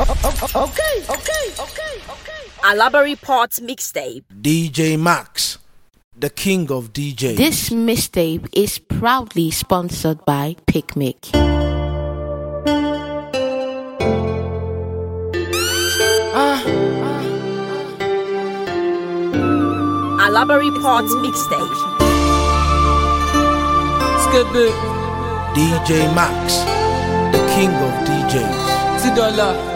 okay, okay, okay, okay. Alabari Parts mixtape. DJ Max, the king of DJs. This mixtape is proudly sponsored by Picnic. Alabari Parts mixtape. Skip it. DJ Max, the king of DJs. dollars.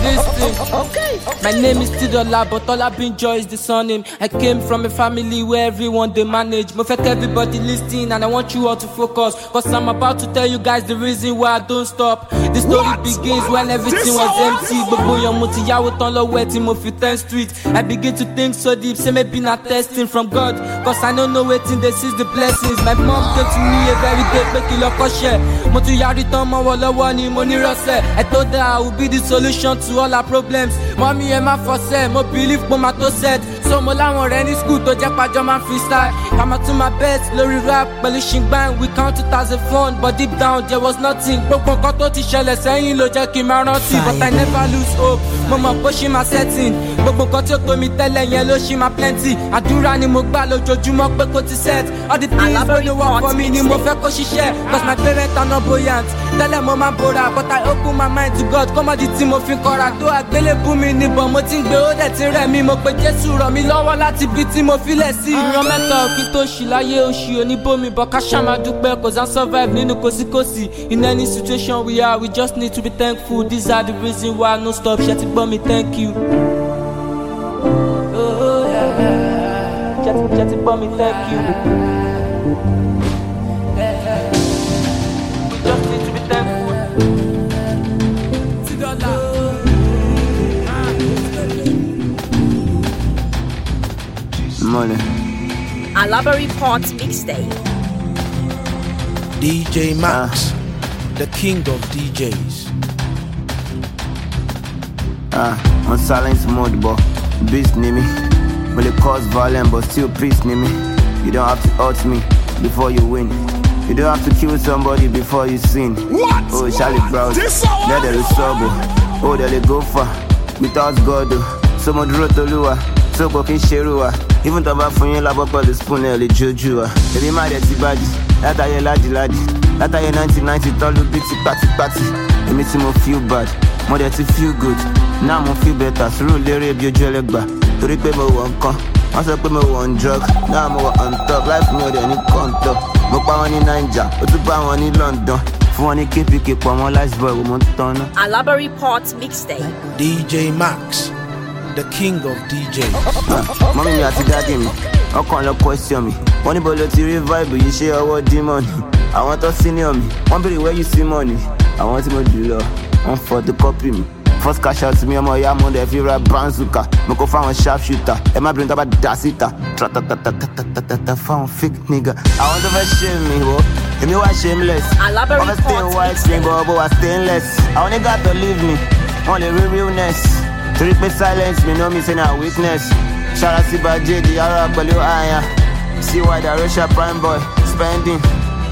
Listen, okay, okay, my name is Tidola, but all I've been joy is the surname. I came from a family where everyone they manage. Mo fek everybody listening, and I want you all to focus. Cause I'm about to tell you guys the reason why I don't stop. The story what? begins what? when everything this was empty. But boy, mo ti yàwó tán lọ́wọ́ the tí mo fi 10th street. I begin to think so deep, say maybe not testing from God. Cause I don't know wetin this is the blessings. My mom came to me a make day pé kí share. ṣẹ̀. Mo tún yarí tán mọ́wọ́ lọ́wọ́ money, money ní I told her I will be the solution to to all our problems. Mommy and my for sale, eh, mo believe my ma to set. so mo láwọn ọ̀rẹ́ ní skul tó jẹ́ pàjọ́ máa ń freestyle pàmò tún máa bet lórí rap pẹ̀lú ṣìngbáìn we count two thousand one but deep down there was nothing gbogbo nǹkan tó ti ṣẹlẹ̀ sẹ́yìn ló jẹ́ kí n máa rántí but I never lose hope mo mọ̀ bó ṣì máa setting gbogbo nǹkan tí ó tó mi tẹ́lẹ̀ yẹn ló ṣì máa plenty àdúrà ni mo gbà lójoojúmọ́ pé kò ti set all the things wey no work for me ni mo fẹ́ kó ṣiṣẹ́ cause my parents are not buoyant tẹ́lẹ̀ mo máa bora but I open my mind to God kọ́mọ́dì tí mo fi kọ́ra tó àgbélébùn mi níbọn mo ti ń gbé ó dẹ̀ ti rẹ̀ mí mo pe Jésù rọ̀ mí mi lọ́wọ́ láti bí tí mo filẹ̀ sí ìran mẹ́ta òkín tó ṣì láyé oṣù oníbòmí bọ̀ ká ṣàmà dúpẹ́ kò sá survive nínú kòsíkòsí in any situation we are we just need to be thankful This is the reason why no stop ṣe ti gbọ́ mi thank you. Oh, ṣe ti gbọ́ mi thank you. money. A library part mixtape. DJ Max, uh. the king of DJs. Ah, uh, on silence mode, but beast near me. Will it cause violence, but still peace near me. You don't have to hurt me before you win. You don't have to kill somebody before you sin. What? Oh, Charlie Brown, there there is trouble. Oh, there they go far. Without God, though. someone wrote the lure sóko kí n ṣerú wa even tó bá fún yín lábọ́ pẹ̀lú spoon ẹ̀ lè jójú wa èmi má dẹ̀ ti bájì látàyè ládìládì látàyè nineteen ninety tán ló bí ti pátípátí èmi tí mo feel bad mo dẹ̀ ti feel good now mo feel better sùúrù lérè bí ojú ẹlẹ́gbà torí pé mo wọ̀ nǹkan wọ́n sọ pé mo wọ̀ on drug now mo wọ̀ on top life mi ò dẹ̀ ní kọ́ńtọ̀ mo pa wọn ní naija ó tún bá wọn ní London fún wọn ní kpk pọ̀ mọ́ lifeboy wo mo tán ná. Alabari Port mixtape. DJ Max. the king of DJ. mọ́mí mi àti dáàdì mi ọkàn lọ question mi wọ́n níbo ló ti rí vibe yìí ṣé ọwọ́ dímọ̀nì àwọn tó senior mi wọ́n béèrè where you see money àwọn tí mo jù lọ wọ́n photocopy mi first cash out mi ọmọ ìyá múndẹ fi ra branzuka mo kó fáwọn sharp shooter ẹ má bìrì tó bá dà síta tratatatatatatatata fáwọn fake nigga. àwọn tó fẹ́ ṣe mi wò èmi wá shameless wọ́n fẹ́ stay white ṣe gbọ́ bó wá stainless àwọn onígbà tó leave me wọ́n lè rí realness. Treat me silence, me no missing say witness. weakness. Shall I see by JD, I rock below higher. See why the Russia prime boy spending.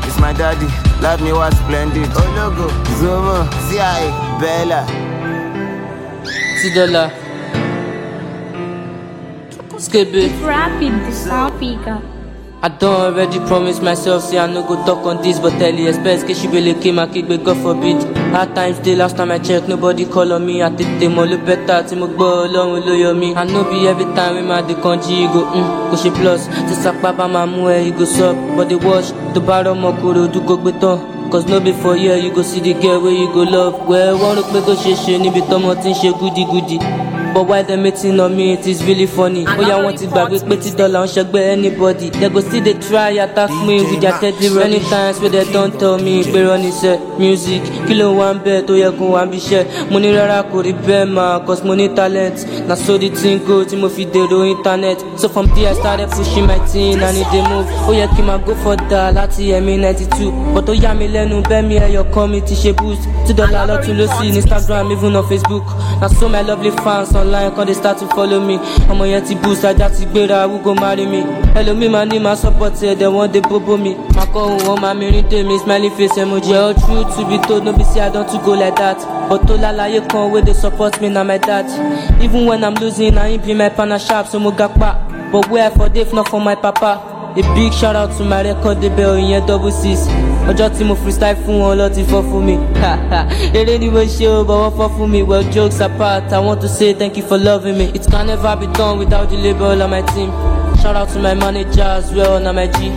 It's my daddy, love me was splendid. Oh logo, Zomo, CIA, Bella. Tidala. Skip it. Rapid, this I don't already promise myself, say I no go talk on this, but tell you expect, case she really came, I kick back, God forbid. At times the last time I check, nobody call on me, I tètè mọ̀ ló bẹ́tà tí mo gbọ́ ọlọ́run ló yọ mí. I know be every time we máa dey kanji, e go um, mm, go she plus, tí sapá bá my mú ẹ, e go sup, but they watch, the bá of ọmọ kòrò ojú kò gbé Cause no before for you go see the girl where you go love. Wẹ́ẹ́ wọ́n rò pé kò ṣeé ṣe níbi tọ́mọ ti ń ṣe gúdígúdí. But why they meeting on me, it is really funny. Oh, yeah, I want it back with petty dollar, and shagbe anybody. They go see they try, attack me with their teddy Many times where they don't tell me. Pé running iṣẹ́ music, kilo ló wà ń bẹ̀ tó yẹ kó wà ń bíṣẹ́. Mo ní rárá kò rí bẹ́ẹ̀ mà, cause mo ní talent. Na so the thing go tí mo fi dèrò internet. So from there I started pushing my team and it dey move. Ó yẹ kí n máa go for that láti ẹ̀mí ninety two. But ó yà mí lẹ́nu bẹ́ẹ̀ mi ẹyọ kan mi ti ṣe boost. Two dollar lọ́tún lọ́sí ní Instagram even on Facebook. Na so my lovely fans online cause they start to follow me ọmọ yẹn ti boost ajá ti gbéra who go marry me ẹlòmíì máa ní máa support ẹ̀ dẹ̀ wọ́n dé bóbó mi máa kọ́ ohun wọn máa mìíràn dé mi smiling face emoji all true to be told no be say I don too go like that but tó lálàyé kan wey dey support me na my dad even when I'm losing na him be my partner sharp so mo ga pa but where I for dey if not for my papa a big shout out to my record label ìyẹn double six ọjọ́ tí mo freestyle fún wọn lọ ti fọ́ fún mi eré ni mo ṣe o bọ̀wọ́ fọ́ fún mi well jokes apart I want to say thank you for loving me it can never be done without the labour of my team shout out to my manager as well na my G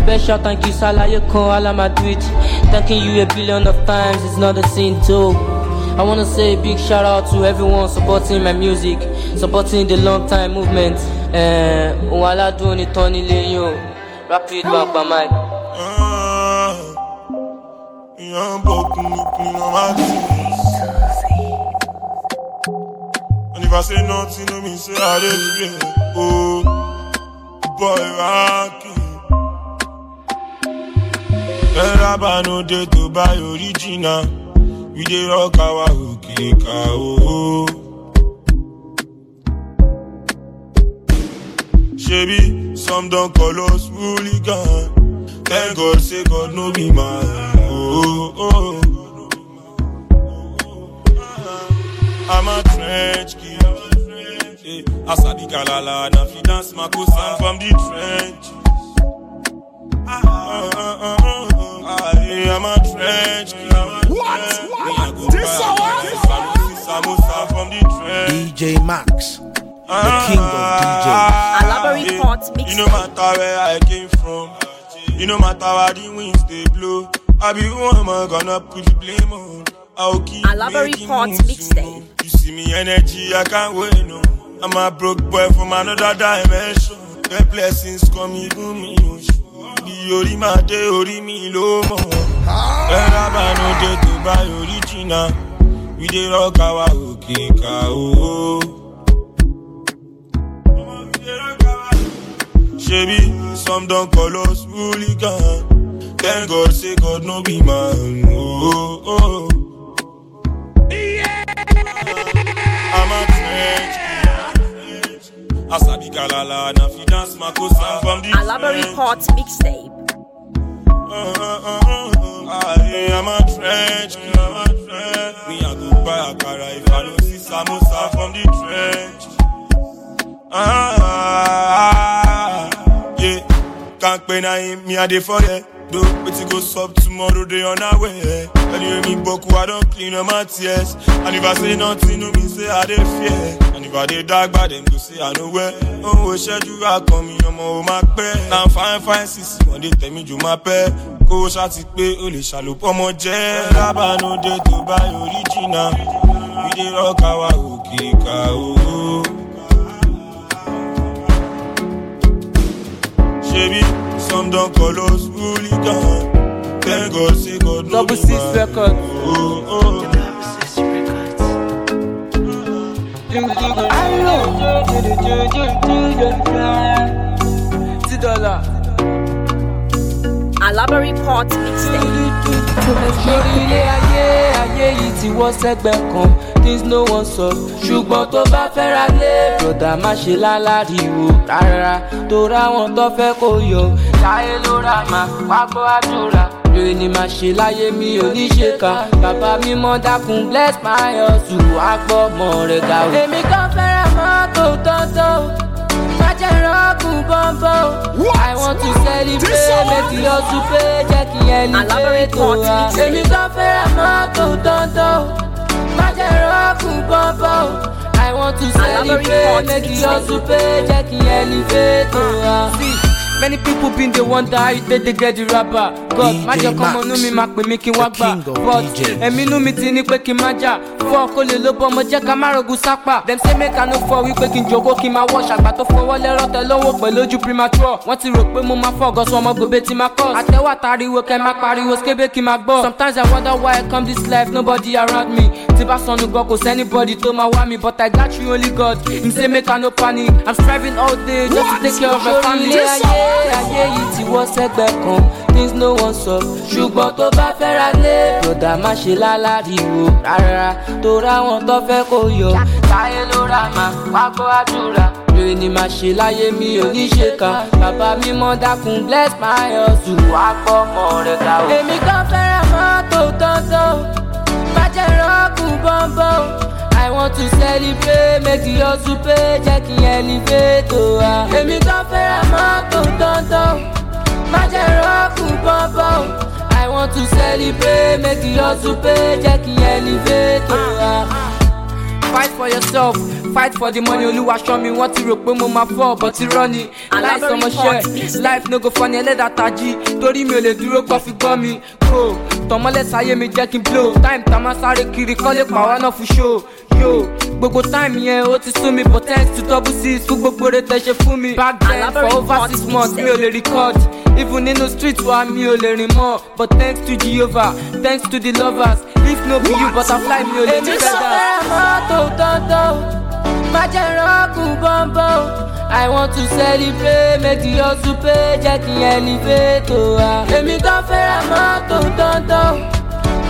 special thank you salaye kan alamadrid thanking you a billion of times is not a sin too. I wanna say a big shout out to everyone supporting my music, supporting the long time movement. Ohun aládùn ni tán nílé yín o, rapid wà pa mic. un bloc, clean on my jeans. And if I say nothing, no mean say I did it. Oh, boy, rocky. Ẹ̀rábà no dey to buy original, we dey rock our òkè ká o. Oh. Ṣebí some don call us hooligan, thank God say God no be man. oh, oh. I'm a trench kid. Hey, I galala dance my cousin from the trench. Ah, ah, ah, ah, I'm a trench kid. What? What? This hour? DJ Max. The king of DJs. Alaba port mixtape. You no matter where I came from. You no matter where the winds they blow. I be woman gonna put the blame on. I'll keep I love mixtape. You see me energy, I can't wait no. I'm a broke boy from another dimension. The blessings come even me. The ori ma de ori mi lo mo. Era ma no de to buy original. We dey rock our okika o. Shebi some don't call us hooligans. Thank God, say God no be man. Oh, oh. Yeah. I'm a trench. I sabi kalala na fi dance my kosa from the Alaba Report mixtape. Uh, uh, uh, uh I am a trench, I'm a trench. Me a go buy a car if I don't see samosa from the trench. Uh, ah, ah, ah. can't pay him, me I dey for ya. Do it go up tomorrow, they on our way. And you me boku, I don't clean up my tears. And if I say nothing, no me say I dey fear. And if I dey dark, by them go say I know where. Oh, we should you I come me, I'm all oh, my prayer. Now fine, fine, sis, one they tell me you my pair. Kó o ṣá ti pé o lè ṣàlùpọ̀ ọmọ jẹ́. Lábàánú dé tó bá orí jìnnà. We dey rock our òkè ìka o. Shebi, some don call us hooligan. Thank God, say God no Double six records. Oh, oh. Alabari Port Mixtape. Lórí ilé ayé ayé yìí ti wọ́ sẹ́gbẹ̀ẹ́ kan things no one solve ṣùgbọ́n tó bá fẹ́ ra lé broda má ṣe lálàríwo rárá tó ráwọn tó fẹ́ kó yọ láyé ló ra máa wá gbọ́ àdúrà rere ni màá ṣe láyé mi ò ní ṣe ká bàbá mi mọ dákun bless my hustle wá gbọ́ mọ rẹ̀ ga o. èmi kan fẹ́ràn mọ́tò tọ́tọ́ jẹ́ rọ́ọ̀kùn bọ́ńbọ́ i want to celebrate méjì ọ̀sùn pé jẹ́ kí ẹni pé tó wá. èmi kan fẹ́ràn mọ́tò tọ́tọ́ i want to celebrate make you hustle pay jẹ́ ah, many people been dey wonder how you take dey get the rapper god má jẹ́ kọ́mọ inú mi máa pè mí kí n wá gbà but ẹ̀mí inú mi ti ní pé kí n má jà fọ́ kó lè ló bọ́ ọmọ jẹ́ ká má rogun sápà dem say make i no fọ wípé kí n jogó kí n máa wọ́ṣ àgbà tó fọwọ́ lẹ́rọ̀ tẹ lọ́wọ́ pẹ̀lú ojú primature wọ́n ti rò pé mo my cause. I tell what I do, kọ́ àtẹ́wà tariwo kẹ́ máa pariwo skébé kí n máa gbọ́ sometimes i wonder why i come this life nobody around me tí bá sọnù gan kò sẹ́nibọ́dì tó máa wá but I got you only God him say make I no panic I'm striving all day just What? to take care of my family. ayé ayé yìí ti wọ́ sẹ́gbẹ́ kan things no wan sọ ṣùgbọ́n tó bá fẹ́ ra lé broda má ṣe lálàríwo rárá tó ráwọn tó fẹ́ kó yọ táyé ló rà má wá gbọ́ àdúrà rere ni màá ṣe láyé mi ò ní ṣe kan bàbá mi mọ dákun bless my hustle wá pọ̀ mọ́ rẹ̀ ká o. èmi kan fẹ́ràn mọ́tò tán tán. jẹ́ ìrọ́kù I want to celebrate, make you all super, jẹ́ kí n wa. Oh, ah. Èmi tó fẹ́ràn mọ́tò tọ́ntọ́n, má jẹ́ ìrọ́kù bọ́ńbọ́n. I want to celebrate, make you all super, jẹ́ kí n elevate o oh, wa. Ah. fight for yourself fight for the money olúwa ṣọ́ mi wọ́n ti rò pé mo máa fọ́ ọ̀bọ̀ tí rán ni aláìsàn ọmọṣẹ́ life no go funny ẹlẹ́dàá tají torí mi ò lè dúró gbọ́ fi gbọ́ mi kó tọmọlẹ sáyé mi jẹ́ kí n blow time tá a máa sáré kiri kọ́lé pàwọ́ náà fún show yo gbogbo time yẹn ó ti sún mi but thanks to double six fún gbogbo rẹ tẹ ṣe fún mi back then for over six months mi ò lè record even nínú street wa mi ò lè rìn mọ́ but thanks to jehovah thanks to the lovers No be you butterfly mi ò lè ní mọ́tò tọ́tọ́, má jẹ́ rọ́ọ̀kù I want to celebrate, make the hustle pay, jẹ́ kí elevate o wa. Ah. Èmi tó fẹ́ràn mọ́tò tọ́tọ́,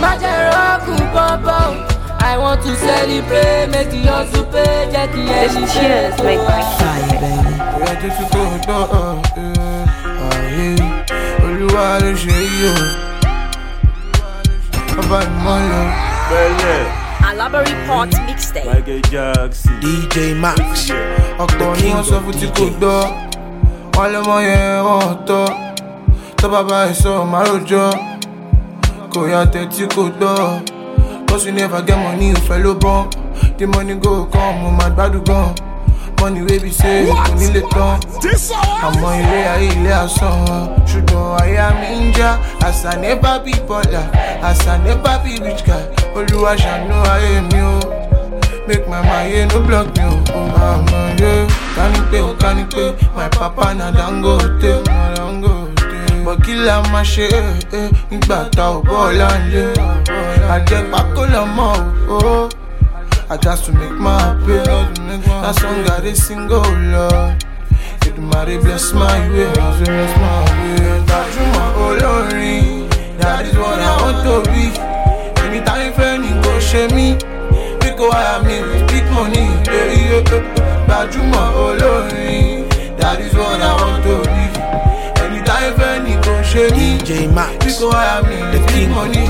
má jẹ́ rọ́ọ̀kù bọ́ńbọ́n. I want to celebrate, make the hustle pay, jẹ́ kí elevate o wa. Ìrẹ́jọ́ ti tó ń gbọ́n, olúwa ló ṣe yí o about Molo. A library part mixtape. DJ Max. Ọ̀pọ̀ ni wọ́n sọ fún tí kò gbọ́. Wọ́n lé mo yẹn wọ́n tọ́. Tó bàbá ẹ̀ sọ márùjọ. Kò yàtẹ̀ tí kò gbọ́. Bọ́sùn ní ẹ̀fà gẹ́mọ̀ ní ìfẹ́ ló bọ́n. The money go come, mo máa gbádùn gan money wey be say kò nílé tán àmọ́ ilé ayé ilé asán ṣùgbọ́n àyà mi ń já àṣà nípa bí bọ́là àṣà nípa bí rich olúwa ṣàánú ayé mi o make my maye no block me o oh, o máa mọ ilé kánípé o kánípé my papa na dangote na dangote bọ̀kìlà máa ṣe é eh, eh? nígbà tá ò bọ́ọ̀lá ń lé àjẹpákó lọ́mọ o. Oh. I just to make my happy. That song I a single Lord. It marry bless my way, bless my way. That's my olori. That is what I want to be. Anytime friend you go share me, because I am with big money. Yeah, yeah. That's olori. That is what I want to be. Anytime friend you go share me. DJ Max. Pico wá the king money.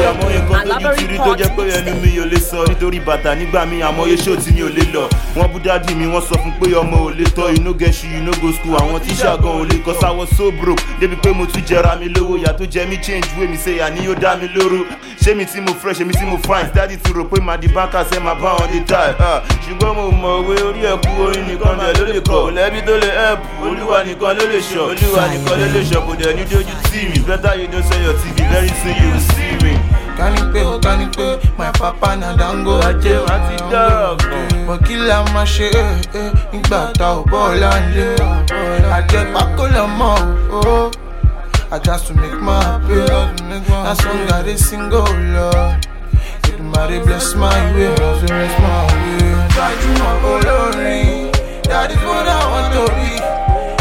àmọ́ yẹn kan tójú tìrí tó jẹ́ pé ẹnu mi ò lè sọ. Nítorí bàtà nígbà mi àmọ́ yẹn ṣó tí mi ò lè lọ. Wọ́n bú dádì mi, wọ́n sọ fún pé ọmọ ò lè tọ́. You no get go school. Àwọn tíṣà gan ò lè kọ́ sáwọ́ so broke. Débi pé mo tún jẹra mi lówó, ìyá tó jẹ mí change wey mi ṣe àní yóò dá mi lóru. Ṣé mi tí mo fresh, èmi tí mo fine. Dádì ti rò pé màá di báńkà sẹ́ máa bá wọn dé táì. Ah, ṣùgbọ́n mo mọ̀ owó orí ẹ̀kú orin me, Better you don't sell your TV, very soon you will see me Kanipe, oh kanipe, my papa na dango Ajé wa ti dọ̀rọ̀ kan Mo kí la o. boola nle pako lo mo oi just to make my happy That song got a single love Ìdùmarè bless my way, also rest my way Gbajúmọ̀ olórin, that is what I want to be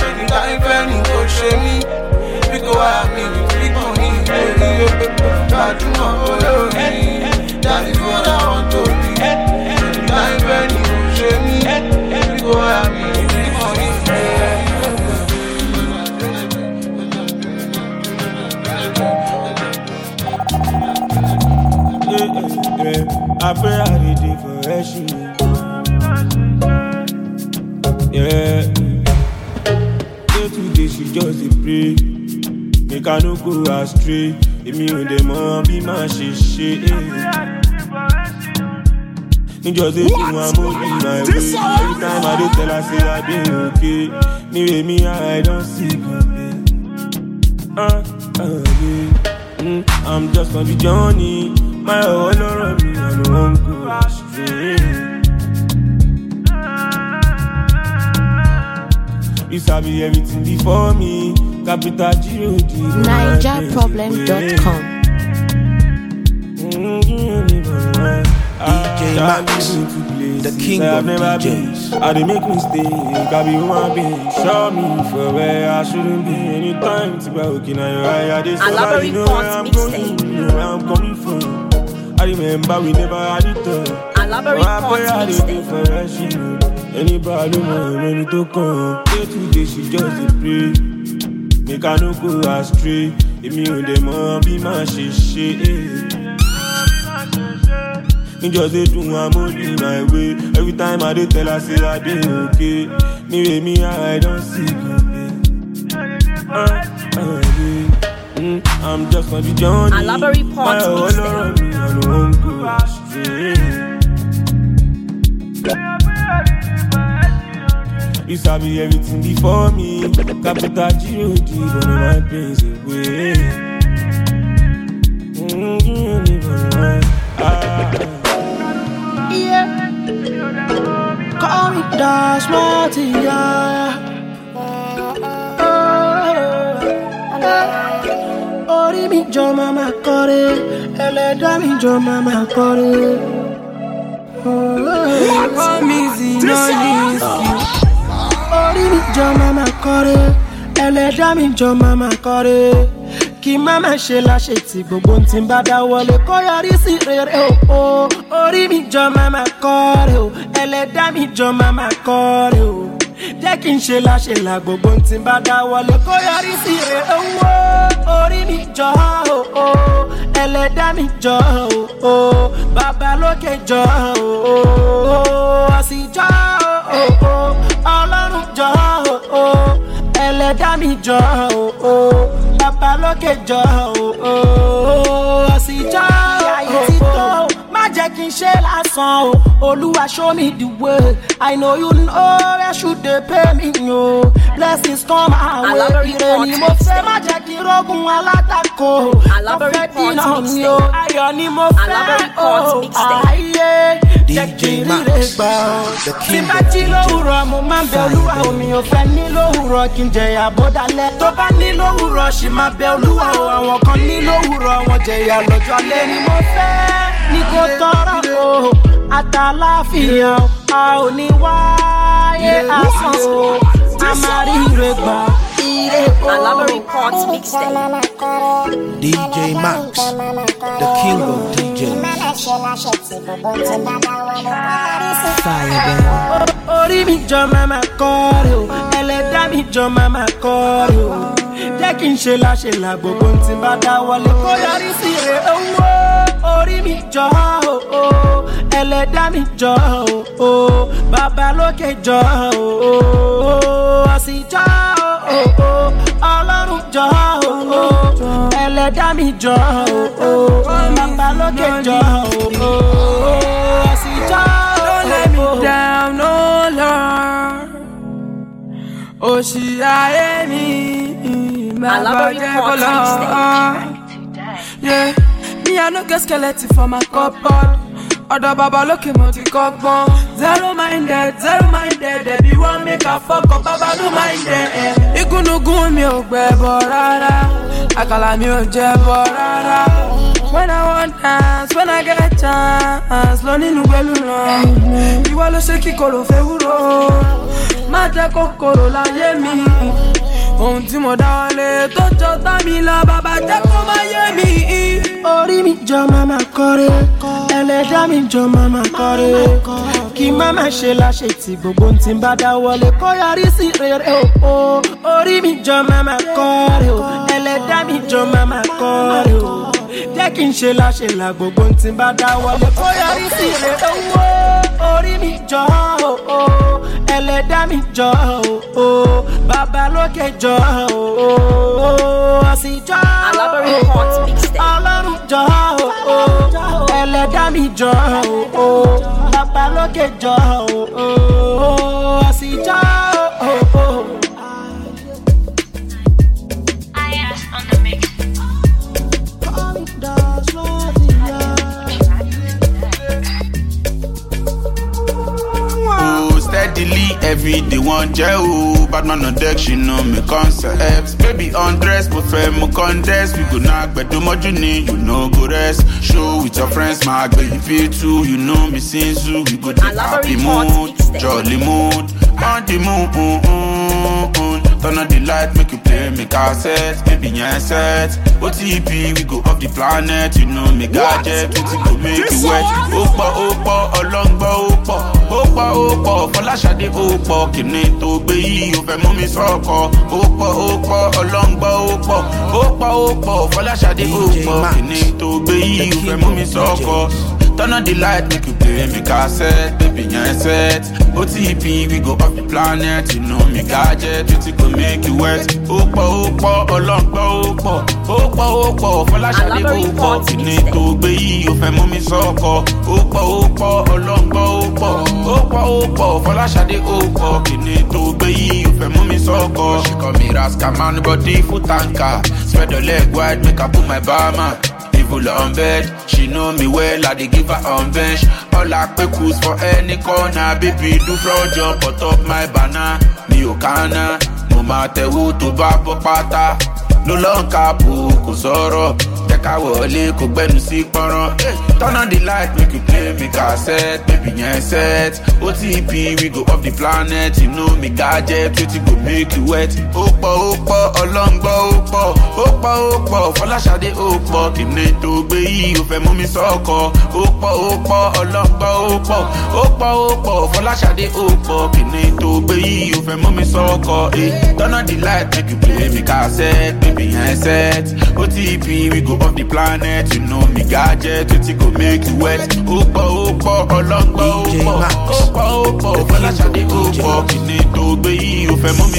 Ẹni láì fẹ́ ni kò you I pray I did for you. Yeah. Day she just pray. make i no go astray èmi ò dẹ̀ mọ̀ bí màá ṣe ṣe é. níjọ́ tí kí wọ́n mú mi my way every time i dey tell her say i dey okay ní rèmi i don see gbọ̀ngbẹ̀. Uh, uh, yeah. mm, i'm just on the journey my whole world i no wan go astray. You sabi everything before me NigerProblem.com DJ Max, the king of DJs. I did make mistakes. I be human being. Show me for where I shouldn't be. Anytime to be looking at your eye, I you know where I'm going, where I'm coming from. I remember we never had it Elaborate oh. Anybody, to come. Day to day, she just a pray make I no go astray. Èmi ò lè mọ bí màá ṣe ṣe just dey do my way. Every time I dey tell her say I dey okay. I don see ah, ah, mm, I'm just on the journey. Alabari I don't to you sabi everything before me. Capital G O D D, my pains away. Mm-hmm. Call me Dash Oh, orí mi jọ màmá kọ́re ẹlẹ́dá mi jọ màmá kọ́re. Akọ mi zina yìí. Dádì mi jọ màmá kọ́re ẹlẹ́dá mi jọ màmá kọ́re kí má má ṣe láṣẹ tí gbogbo ń ti bá dá wọlé kó yọrí sí rere o orí mi jọ màmá kọ́re o ẹlẹ́dá mi jọ màmá kọ́re o jẹ́ kí n ṣe láṣẹ là gbogbo ń ti bá dá wọlé kó yọrí sí rere o orí mi jọ o ẹlẹ́dá mi jọ o babalókè jọ o ọ̀sìn o. oh oh ọlọ́run jọ oh oh ẹlẹ́dá mi jọ oh oh bàbá lókè jọ oh oh ọ̀sìn jọ oh oh má jẹ́ kí n ṣe lásán o oh, olúwa show me the way i know you know where should dey pay me o blessings come our way ire ni mo fẹ́ má jẹ́ kí n rogun alátakò mo fẹ́ dínà mi o ayọ̀ ni mo fẹ́ o ààyè. Oh, DJ Max the king of DJ. tí lówùrọ̀ mo máa ń bẹ olúwa omi ò fẹ́ ní lówùrọ̀ kí n jẹ̀yà bó dalẹ̀. tó bá ní lówùrọ̀ ṣì máa bẹ olúwa ni lowuro ki n jeya to ba ni lowuro si maa be oluwa o awon kan ní lówùrọ̀ wọn jẹ̀yà lọ́jọ́ lé ni mo fẹ́. ní kò tọrọ o ò àsán o a máa rí ire gbà. DJ Max, the king of Fire, girl. Oh, oh, jọ mama kọ́ọ̀rì o, ẹlẹ́dàá mi jọ mama o jẹ́ kí n ṣe láṣẹ là gbogbo tí bá dáwọ́lé kó yọrí sí ire owó orí mi jọ o o ẹlẹ́dá mi jọ o o jọ o o ọ̀sìn jọ o o ọlọ́run jọ o o ẹlẹ́dá mi jọ o o jọ o o ọ̀sìn jọ o o. Don't let me down, no Lord. Òṣì ayé mi. I love how you call Yeah, me I no get skeleton for my cupboard Other baba looking mo ti kọ́gbọ́n. Zero minded, zero minded, ẹbí wọ́n mi kà fọ́kọ̀ bàbá ló minded. Igúnnugún mi ò gbẹ̀bọ̀ rárá, àkàlà mi ò jẹ̀bọ̀ rárá. When I want dance, when I get chance, lọ nínú pẹ̀lú ràn. Ìwọ ló ṣe kíkorò fẹ́ wúro, má jẹ́ kòkòrò láyé mi. ohun tí mo dáwọ́lé tó jọ tá mi lọ bàbá jẹ́ kó má yé mi. orí mi jọ màmá kọ́rẹ́ ẹlẹ́dàá mi jọ màmá kọ́rẹ́ kí má má ṣe láṣẹ tí gbogbo ohun tí ń bá dáwọ́lé kó yọrí sí rere o. orí mi jọ màmá kọ́rẹ́ ẹlẹ́dàá mi jọ màmá kọ́rẹ́ jẹ́ kí n ṣe láṣẹ là gbogbo n ti bá dá wọlé ó yọrí sí ire owó orí mi jọ o ẹlẹ́dá mi jọ o babalókè jọ o ọ̀sìn jọ o ọlọ́run jọ o ẹlẹ́dá mi jọ o babalókè jọ o ọ̀sìn jọ o. daily, every day one jẹ́ o. Batman on deck, she know me concepts. Baby undress, but fair mo contest. We go knock, but do much you need, you know go rest. Show with your friends, my baby feel too. You know me since you, we go take happy mood, jolly mood, on the moon. Mm, mm, mm, Turn on the light, make you play, make our set, baby yes set. OTP, we go off the planet, you know me gadget, we go make you wet. Opa, opa, along, ba, opa pọ̀ ó pọ̀ fọláṣadé ó pọ̀ kìnìún tó gbé yìí ó fẹ́ mú mi sọ́kọ̀ ó pọ̀ ó pọ̀ ọlọ́ngbọ́ ó pọ̀ ó pọ̀ ó pọ̀ fọláṣadé ó pọ̀ kìnìún tó gbé yìí ó fẹ́ mú mi sọ́kọ̀. Turn on the light, make you play me cassette, baby, yeah, set. OTP, we go off the planet, you know me gadget, beauty go make you wet. Opo, opo, olongbo, opo, opo, opo, Fọláṣadé opo, kìnì tó gbé yìí, o fẹ́ mú mi sọ́kọ. Opo, opo, olongbo, opo, opo, opo, Fọláṣadé opo, kìnì tó gbé yìí, o fẹ́ mú She call me Raska body full tanker. Spread your leg wide, make I put my bar man people on bed. She know me well, I dey give her on bench. All I pay cruise for any corner, baby do floor jump on top my banner. Mi ò kánná, mo máa tẹ̀wó tó bá bọ́ pátá. Ló lọ́n ká wọlé kò gbẹnu sí pọ́nrán. Eh, turn on the light make you play me cassette baby yẹn set otp we go off the planet you know mi gadget wetin go make you wet. ó pọ̀ ó pọ̀ ọlọ́ngbọ́ ó pọ̀ ó pọ̀ ó pọ̀ fọláṣadé ó pọ̀ kìnìún tó gbé yìí ó fẹ́ mú mi sọ́kọ̀ ó pọ̀ ó pọ̀ ọlọ́ngbọ́ ó pọ̀ ó pọ̀ ó pọ̀ fọláṣadé ó pọ̀ kìnìún tó gbé yìí ó fẹ́ mú mi sọ́kọ̀ eh, turn on the light make you play me cassette baby yẹn set otp we go off of the planet. You know me gadget, it go make you wet. Opa opa, ọlọ́gbọ́ opa, opa opa, opa. Kìnì tó gbé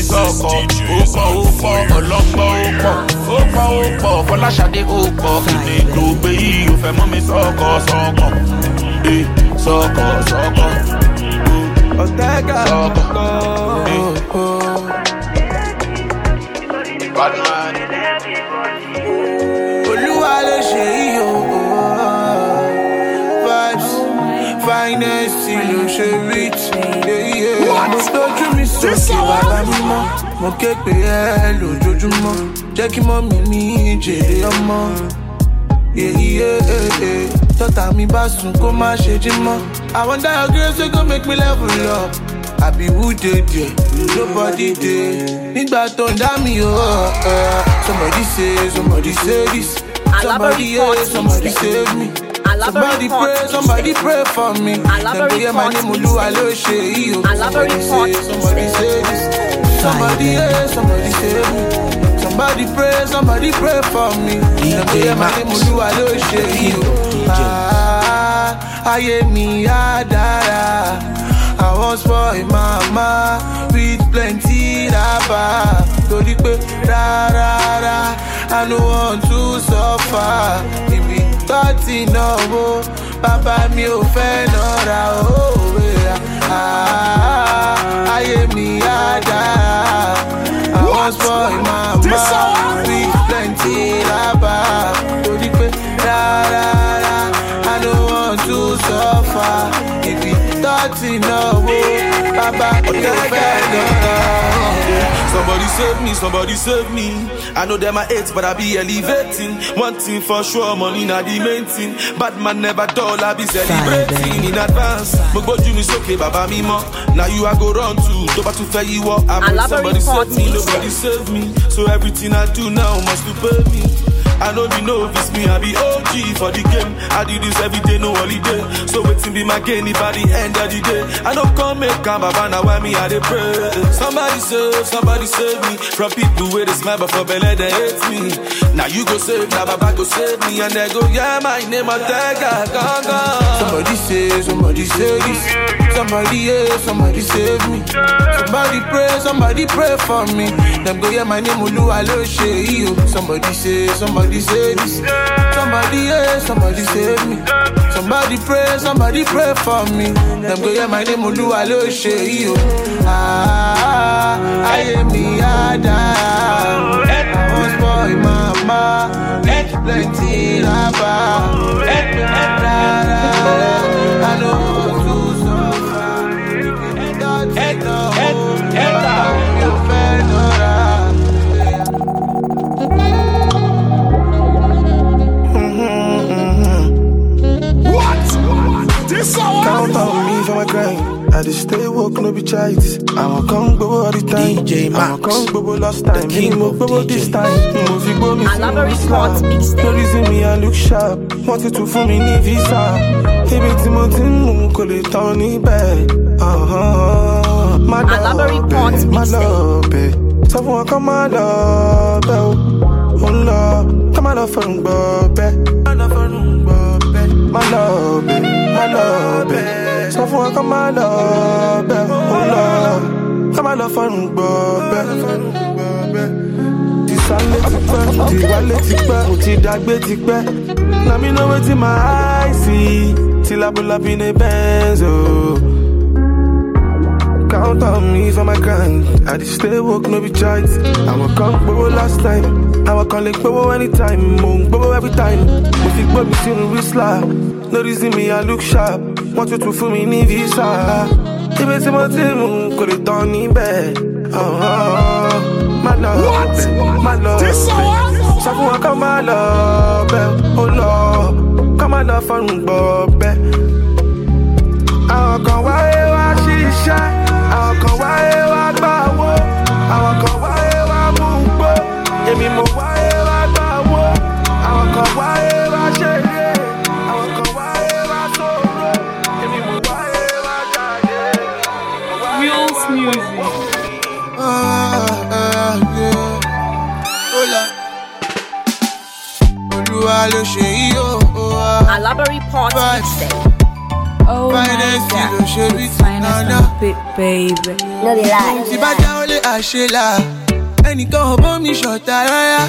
sọ́kọ. Opa opa, opa, opa opa, opa. sọ́kọ sọ́kọ. Sọ́kọ sọ́kọ. Ọ̀tẹ́gà sọ́kọ. chérie. Yeah, yeah. mo tójú mi sókè bàbá mímọ́ mo ké pé ẹ lójoojúmọ́ jẹ́ kí mọ́ mi ní ìjèrè ọmọ. tọ́tà mi bá sùn kó má ṣe jí mọ́ àwọn dáhà gírẹ́sì go make me level up àbí who dey there nobody dey nígbà tó ń dá mi o oh, somebody eh. say somebody say this somebody yeah somebody save eh, me. Somebody pray, somebody pray for me. Dem hear my name Olu Aloshe iyo. Somebody say, somebody say this. Somebody hear, somebody say me. Somebody pray, somebody pray for me. Dem hear my name Olu Aloshe iyo. Ah, ayé mi á dára. I was born mama with plenty rapa. Torí pé rárá, I don't want to suffer tọ́tì náà wo bàbá mi ò fẹ́ nọ́ra òwe ah, ayé mi á dáa àwọn spoil plenty lábà torí pé rárá I no want to suffer thirty now, oh. Baba, oh, yeah, Somebody save me, somebody save me. I know them are eight, but I be elevating. One thing for sure, money not the main thing. Bad man never dull, I be celebrating in advance. But go you miss okay, Baba me more. Now you I go run to, to back to fair you up. I somebody save me, nobody save me. So everything I do now must to pay me. I know be novice, me I be OG for the game. I do this every day, no holiday. So waiting be my game if I the end of the day. I don't come make come, but I want me I dey pray. Somebody save, somebody save me from people with they smile but for belly they hate me. Now you go save, now Baba go save me and they go yeah my name I tag, I gone gone. Somebody say, somebody say this. Somebody, yeah, somebody save me. Somebody pray, somebody pray for me. Them go, hear my name Ulu Aloshe, Somebody say, somebody say this. Somebody, yeah, somebody save me. Somebody pray, somebody pray for me. Them go, hear my name Ulu Aloshe, Ah, I am me, Adam. I was born, mama. Plenty, lava. I know. my grind. I just stay woke, no be childish. I won't come gbogbo all the time. DJ Max. I won't come gbogbo last time. The king of gbogbo this time. Mo fi gbó mi fún mi slap. No reason me I look sharp. Wanted to tún fún mi visa. Ibi be mo ti call it kò lè tán níbẹ̀. Má lọ bẹ̀, má lọ bẹ̀. Sọ fún wọn kọ́ má lọ bẹ̀ o. Mo ń lọ, kọ́ má lọ fẹ̀rùn gbọ́ bẹ́. Má lọ fẹ̀rùn gbọ́ bẹ́. Má lọ bẹ̀, má lọ fún ẹ kọ́ máa love, bẹ́ẹ̀ ó lọ kọ́ máa lọ fọ́nù gbọ́ bẹ́ẹ̀. ti sálé ti pẹ́ ti wálé ti pẹ́ mo ti dàgbé ti pẹ́ na me know wetin my eyes see till I pull up in a benz ooo. Oh. Count on me for my grind. I just stay woke, no be tight. I will come borrow last time. I will call it borrow anytime. Moon borrow every time. If you put me to the wrist, no reason me, I look sharp wọ́n tuntun fún mi ní visa ibi tí mo ti mú kò lè tán níbẹ̀ oh, má lọ bẹ̀ má lọ bẹ̀ sọ fún wọn kọ́ má lọ bẹ̀ ó lọ kọ́ má lọ fọrùn gbọ́ bẹ́ àwọn kan wáyé wá ṣiṣẹ́ àwọn kan wáyé wá gbà wó àwọn kan wáyé wá mú gbó èmi mo wáyé. hard but, to Oh my God, it's fine as a baby. No, they lie. Tí bá já olè àṣelà, ẹnìkan ọ̀bọ̀n mi ṣọ̀tá rárá.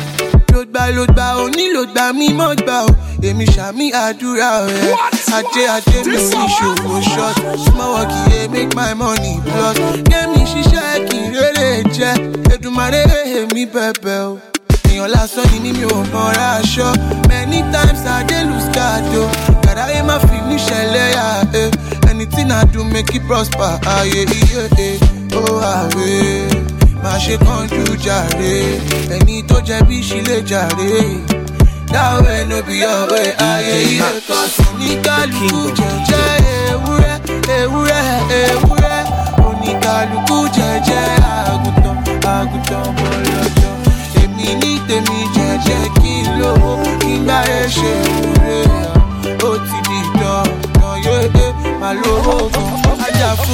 Lòdgbà lòdgbà ò ní lòdgbà mi mọ̀ gbà ò. Èmi ṣàmì àdúrà rẹ̀. Ajé I mi ò ní ṣòwò short. Mọ̀wọ́ kì í make my money plus. Kémi ṣiṣẹ́ kì í rere jẹ. Èdùmàrè èmi eh, bẹ̀bẹ̀ o èèyàn lásán ni mímí ò mọ̀ra aṣọ many times adé lùsíkàdó Carry my finish and layer, eh. Anything I do, make it prosper, ah, yeah, yeah, yeah. Oh, ah, yeah. Má ṣe kánjú jàre, ẹni tó jẹ̀bi ṣì lè jàre. That way no be your way, ayé iye kan sùn ní kálukú jẹjẹ ewúrẹ́, ewúrẹ́, ewúrẹ́. Oníkálukú jẹjẹ àgùntàn, àgùntàn bọ̀ lọ́jọ́. Èmi ní tèmi jẹjẹ kí lówó, ìgbà ẹ̀ ṣe wúre má lówó ogun ajá ọmọ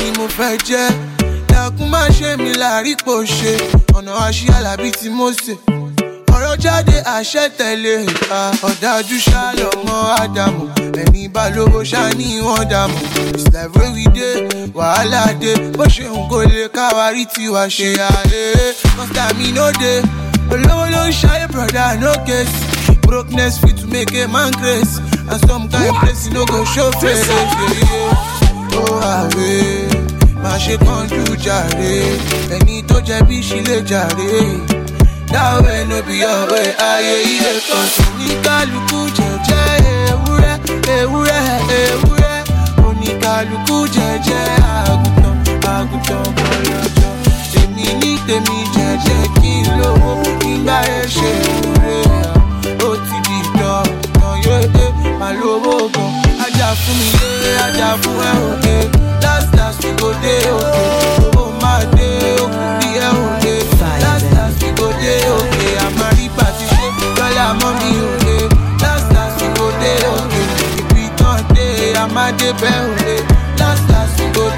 ni mo fẹ́ jẹ́ dákun má ṣe mi láàrí pò ṣe ọ̀nà àṣìyàlàbí tí mo ṣe. ọ̀rọ̀ jáde àṣẹ tẹ̀lé ìka ọ̀dájú ṣá lọ́mọ ádámù ẹni bá lówó ṣá ní wọ́n dààmú it's like wey we dey wàhálà dé bó ṣe ń kó lè káwárí tiwa ṣe àlè kọ́ńtà mi ló dé olówó ló ń ṣayé broda no case brokenness fit to make a man grace and some kind place no go show face. Oh, àwẹ̀ máa ṣe kánjú jàre ẹni tó jẹ bí ṣì jàre. that way no be your way ayé ilé kan sùn oníkálukú jẹjẹ ewúrẹ́ ewúrẹ́ ewúrẹ́ oníkálukú jẹjẹ àgùntàn àgùntàn kọyọjọ èmi ní tèmi jẹjẹ kí n lówó nígbà yẹn ṣe òwúrẹ ó ti di dandan yóò máa lówó gan ajá fún mi lé ajá fún ẹ oke. last last we go dey oke. dey bend me. baby. go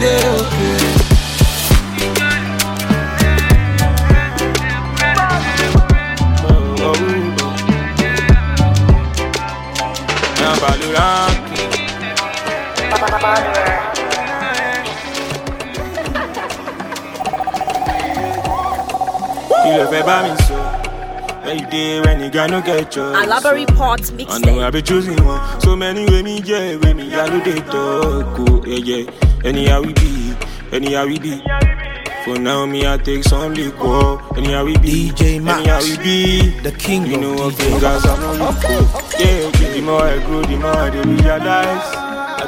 Il le fait pas holiday when you got no get pot mixed. I know I be choosing one. So many way me yeah, way me yellow they talk. Oh, yeah, yeah. Anyhow we be, anyhow we be. For now me I take some liquor. Anyhow we be, DJ Max, anyhow we be. The king you know of DJs. fingers I'm on okay. Yeah, the more I grow, the more I realize.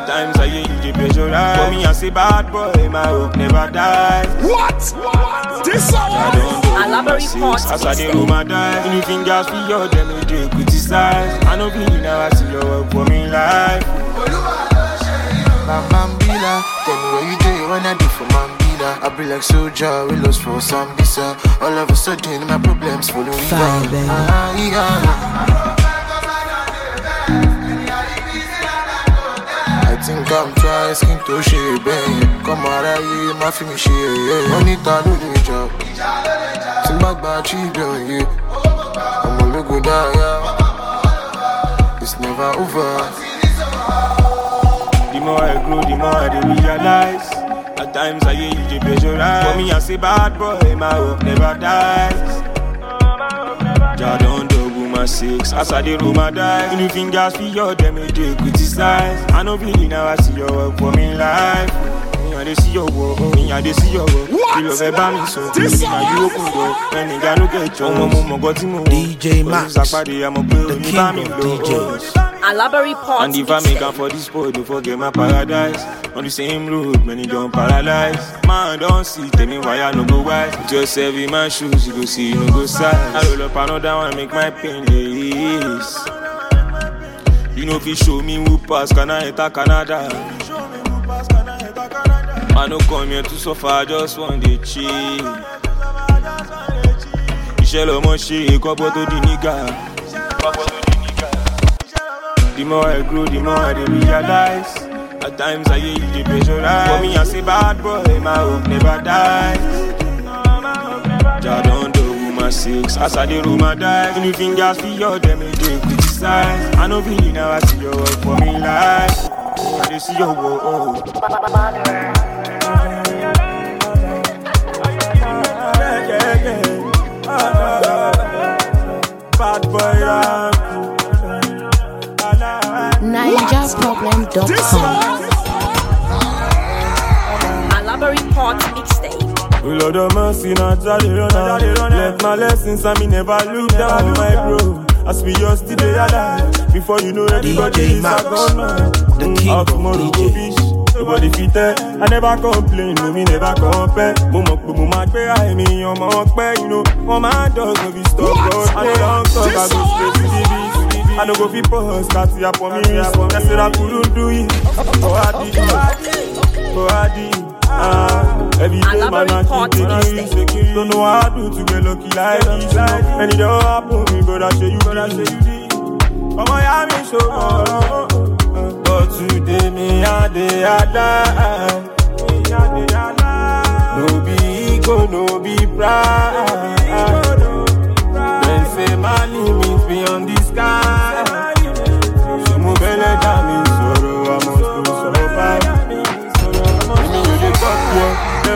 Sometimes I hear the pressure rise. For me, I say bad boy, my hope never dies. What? what? This hour? I don't do Elaborate part. As I the rumor dies, anything just for your them, they criticize. I know be now, I see your work for me life. Bambila, tell me what you do when I do for Mambila. I be like soldier, we lost for some visa. All of a sudden, my problems follow me. Fire, baby. Ah, uh-huh, yeah. think I'm dry, skin to shade, bang Come out of here, my fi me share, yeah Money ta no dey job Think back by children, yeah I'm only go die, yeah It's never over The more I grow, the more I realize At times I hear you pressurize For me I say bad boy, my hope never dies Jah don't double my six, as I dey roll my In New fingers feel your damage, quick size. I know be now I see your work for me life. see your work, I see your work. What? You love me so, this me now you open door. When you got no get your mama, mama got DJ Max, the king of DJs. Alabari Port. And if I make up for this boy, don't forget my paradise. On the same road, many don't paralyze. Man, don't see, tell me why I no go wise. Just yourself my shoes, you go see, you no go size. I roll up another one, make my pain ease. You know, if you show me who pass, can I enter Canada? I come here to suffer, I just want the cheap. The more I grow, the more I realize. At times I get the pressurize. For me, I say bad boy, my hope never dies. Jah don't do my six, as I my you fingers feel your damage, size. I know really now I see your work for me life. I see your work. Oh. Bad boy, NigerProblem.com Alabari Port Mixtape Lord of mercy, not that they run out. Left my lessons, I me never look down, my bro. As we just today alive, before you know everybody DJ is a gunman. The king mm, of tomorrow go bitch. Nobody fit it. I never complain, no me never compare. Mo mọ̀ pé mo máa I pe your ọmọ ọpẹ́, you know. Wọ́n máa dọ̀ so be stop I do long talk, I go straight to the beat. I don't go fit pause, kàtí àpọ̀ mi rí àpọ̀ mi. Ẹsẹ̀ ra kúrú ń dùn yìí. Bọ̀wá dì, bọ̀wá dì ah, every time I'm not thinking Don't know how to do to get lucky like this. And it don't happen, me but I say you did. Ọmọ ya mi so mọ. But today me a dey ada. No be ego, no be pride. Dem say my limit beyond the sky.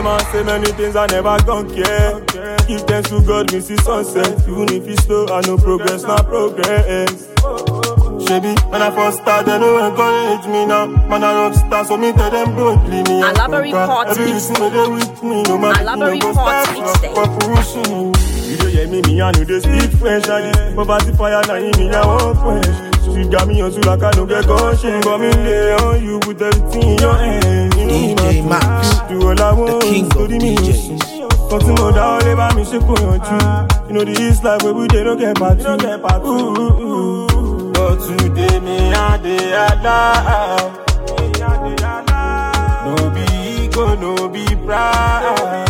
them and say many things I never gon' care. Give thanks to God, we see sunset. Even if it's slow, I know progress, not progress. Baby, when I first started, they don't encourage me now. Man, I rock star, so me tell them boldly me. I love a report, bitch. Every single day with me, no matter. I love a report, bitch. You don't hear me, me, I know they speak French. fire, now you mean I got me on like I don't get caution. Got me on you with everything in your hand. You know, DJ Max, do all I want, the king of DJs. Something more that all about me, she on you. You know, this life where we they don't get back to. not But today, me, I dey alive. No be ego, no be pride.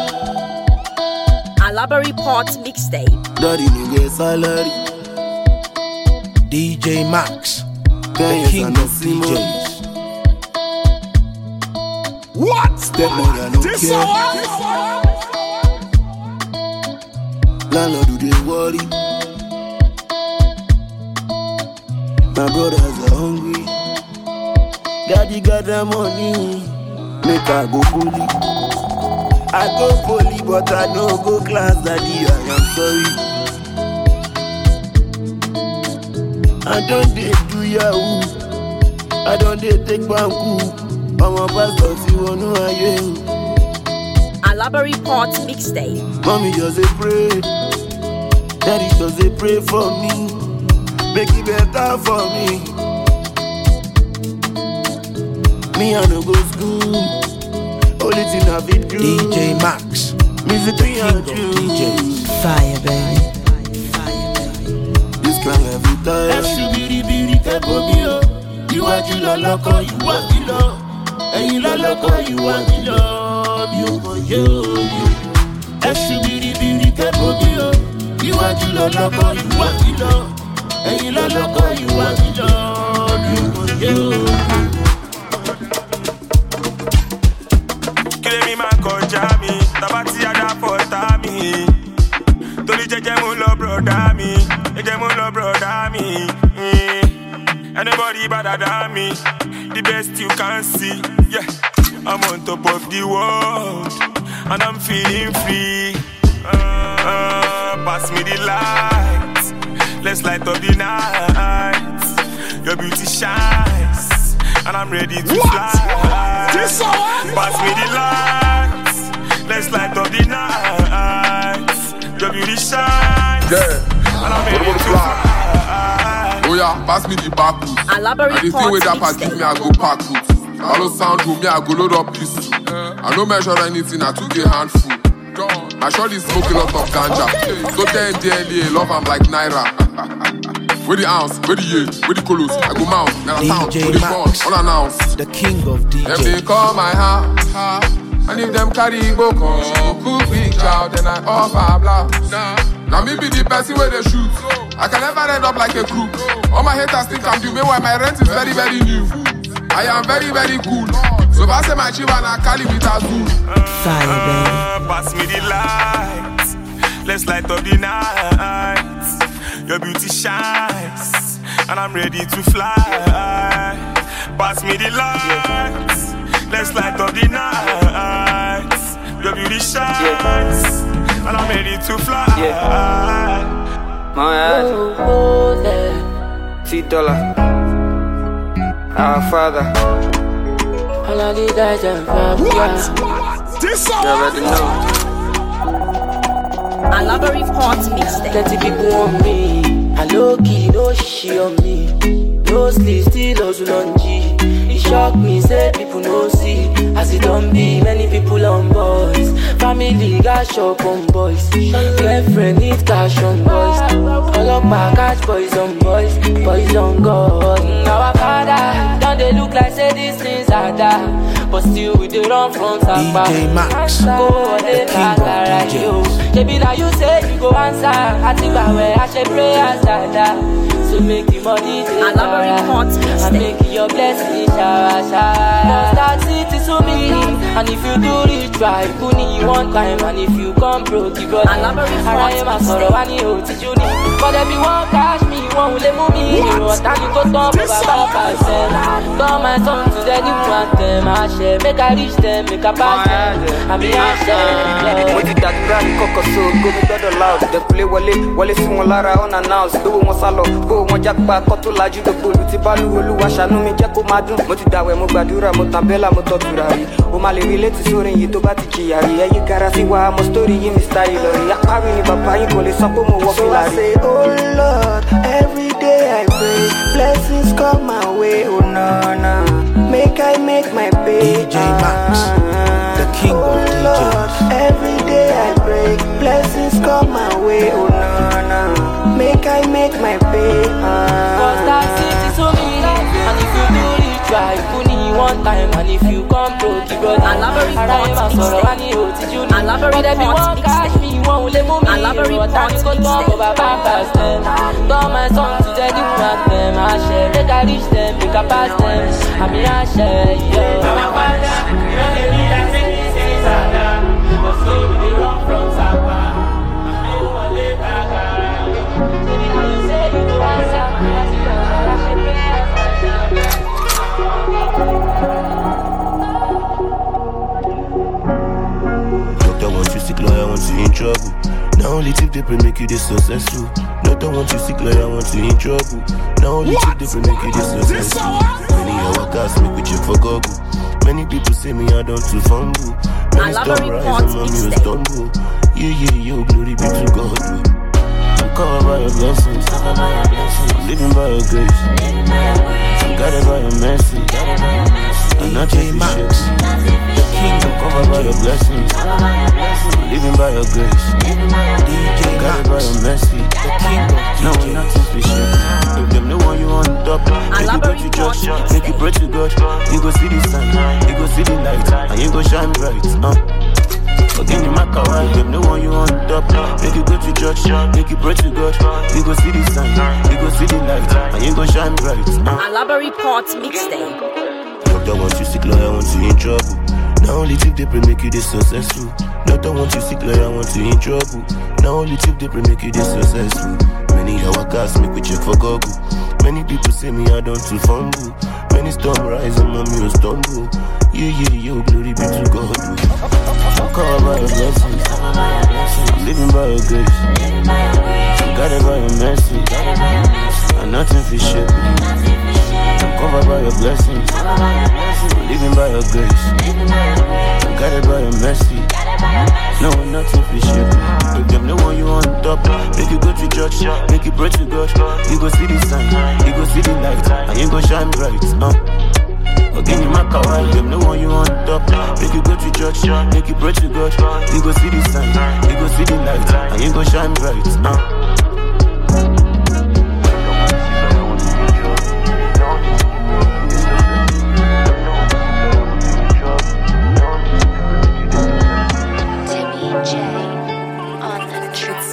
Library Part mixtape. Dirty nigga salary. DJ Max, the king of DJs. What? Step on no this hour? Landlord, do they worry? My brothers are hungry. Daddy got the money. Make I go bully. I go bully. reach, but I no go class, daddy, I am sorry. I don't dey do yahoo, I don't dey take banku, ọmọ pastor ti wọnú ayé o. Alabari Port Mixtape. Mommy just a pray, daddy just a pray for me, make it better for me. Me I no go school, only thing I fit do. DJ Max the Music 300 DJs. Fire, baby. This kind of guitar. Every beauty, beauty, pepper, you are the love. ìwà kìlọ̀. Ẹ̀yìn you ìwà kìlọ̀. Mi ò mọ̀ yóò yó. Ẹṣu biribiri kẹ́kọ̀ọ́ bí o. Oh. Iwájú lọ́lọ́kọ, ìwà kìlọ̀. Ẹ̀yìn lọ́lọ́kọ, ìwà kìlọ̀. Mi ò mọ̀ yóò you. broda mi ege mo lọ broda mi anybody better than me the best you can see yeah i'm on top of the world and i'm feeling free uh, pass me the light let's light up the night your beauty shines and i'm ready to what? fly this pass me the light let's light up the night your beauty shines yeah. And I'm in the block. Oh yeah, pass me the back boots. And the thing with that part give me I go pack boots. All sound room, me I go load up this. I no measure anything, I took a handful. I surely smoke a lot of ganja. Okay. So then DLA, love I'm like Naira. Where the ounce, where the year, where the colos, I go mount, now I sound, where the bond, announce. The king of DJ. Them they call my house, and if them carry go come, cook big child, then I off my blouse. Now me be the person where they shoot. I can never end up like a crook. All my haters think I'm due. Meanwhile, my rent is very, very new. I am very, very cool. So pass my chiva and I call it with Azul. Fire, baby. Ah, pass me the light. Let's light up the night. Your beauty shines. And I'm ready to fly. Pass me the light. Let's light up the night. Your beauty shines and I'm ready to fly. Yeah. My eyes. T dollar. Our father. All of these guys are What? what? This song. You already know. I love a report mixtape. Plenty people want me. I low key, no she on me. No sleep, still no zulonji shock me, say people no see. As it don't be, many people on boys. Family got shop on boys. Girlfriend need cash on boys. All up my catch boys on boys. Boys on God. Now I father, don't they look like say these things are that? But still we they run from Samba. DJ Max, go on the king of DJs. They be like you say you go answer. I think I wear I should pray answer that to make the money I love her reports I make your blessing shara shara that city to me And if you do it try Who want one time And if you come broke You got it Ara yẹn ma I wá ní òtíjú ni But if you want cash me Wọ́n ò lè You mi ìrọ̀tá ni kò tán bàbá bàbá sẹ́ẹ̀ want them, I share. Make I reach them, make I pass them. I mean, I share. With that brand, coco, so go to the loud. The play wale, wale si lára ọ̀nà náà. Dówó wọn sálọ, kó wọn jápa, kọ́ tó lajú gbogbo olú ti bá lúwo olúwa ṣàánú mi jẹ́ kó máa dùn. Mo ti dàwẹ̀, mo gbàdúrà, mo tàn bẹ́là, mo tọ́tura rí. O tó bá ti jìyà rí. Ẹyin gara sí wa, mo sítórì yìí mi sítáì lọ rí. Apárí ni So I say, oh Lord, every day I pray, blessings come my way, oh no, no make I make my pay. DJ Max, the king oh of DJs. Lord, every day I break, blessings come my way. Oh no, no, make I make my pay. Cause that city so mean, and if you do it right, one time And if you come to keep your time I ẹ ma sọ̀rọ̀ wá ní òtijú love Ọ̀dẹ̀ bí wọ́n cash me, wọn ò lè mú mi Ọ̀tá mi kò tọ́ kò bàbá pass them Tọ́ my son to jẹ́ ní fún àtẹ̀m Àṣẹ make I reach them, make I pass them Àmì àṣẹ yẹ. Bàbá padà, ìrẹ́lẹ̀ mi àti ìṣe ìsàdá, ọ̀sẹ̀ ìdíwọ̀. trouble. Now only two different make you this successful. Not I want you sick, like I want you in trouble. Now only two people make you this successful. Many our cars make with you for goggle. Many people say me I don't too fumble. Many stop rise and mommy will stumble. You, you, you, glory be to God. I'm covered by your blessings. I'm living by your grace. I'm guided by your mercy. I'm not taking shit kingdom covered by your blessings. Living by your grace. DJ guided by your mercy. The kingdom. No, we're nothing special. If them no one you on top, make you pray to judge. Make you pray to God. You go see the sun. You go see the light. And you go shine bright. Uh. Again, you make a wife, them no one you on top. Make you go to church, make you pray to God. You go see the sun, you go see the light, and you go shine bright. Uh. A library part mixtape. Doctor wants you sick, lawyer wants you in trouble. Now only tip they pray make you this successful. Not I want you sick like I want you in trouble. Now only tip they pray make you this successful. Many I cars make we check for Google. Many people say me I don't too fumble. Many storm rise and my muse tumble. Yeah, yeah, yeah, glory be to God. I'm covered by your blessings. Living by your grace. Guided by your mercy. And nothing for shit. I'm covered by your blessings. Living by her grace. Got it by her mercy. No one nothing for sure. If them the one you on top, make you go to church, make you pray to God. You go see the sign, you go see the light, and you go shine bright. Uh. Or give me my power, them the one you on top. Make you go to church, make you pray to God. You go see the sign, you go see the light, and you go shine bright. Uh.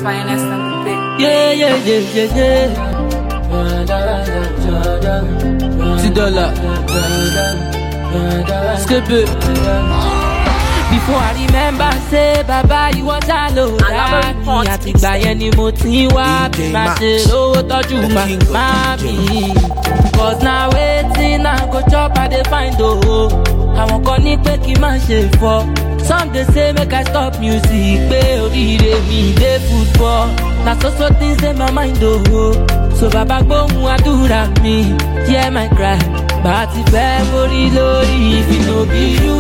finest and the thick. Yeah, yeah, yeah, yeah, yeah. Petit dollar. Skip it. Before I remember, say bàbá ìwọ ta ló rà mí àtìgbà yẹn ni mo ti ń wá bí máa ṣe lówó tọ́jú màmá mi. Cause now waiting, I go chop I dey find o. Oh. Àwọn kan ní pé kí n má ṣe fọ́. some dey say make i stop music pé oríire mi dey football na so so things dey my mind oh, so bàbá gbóhùn adura mi hear my cry bá a ti fẹ́ mórí lórí if e no you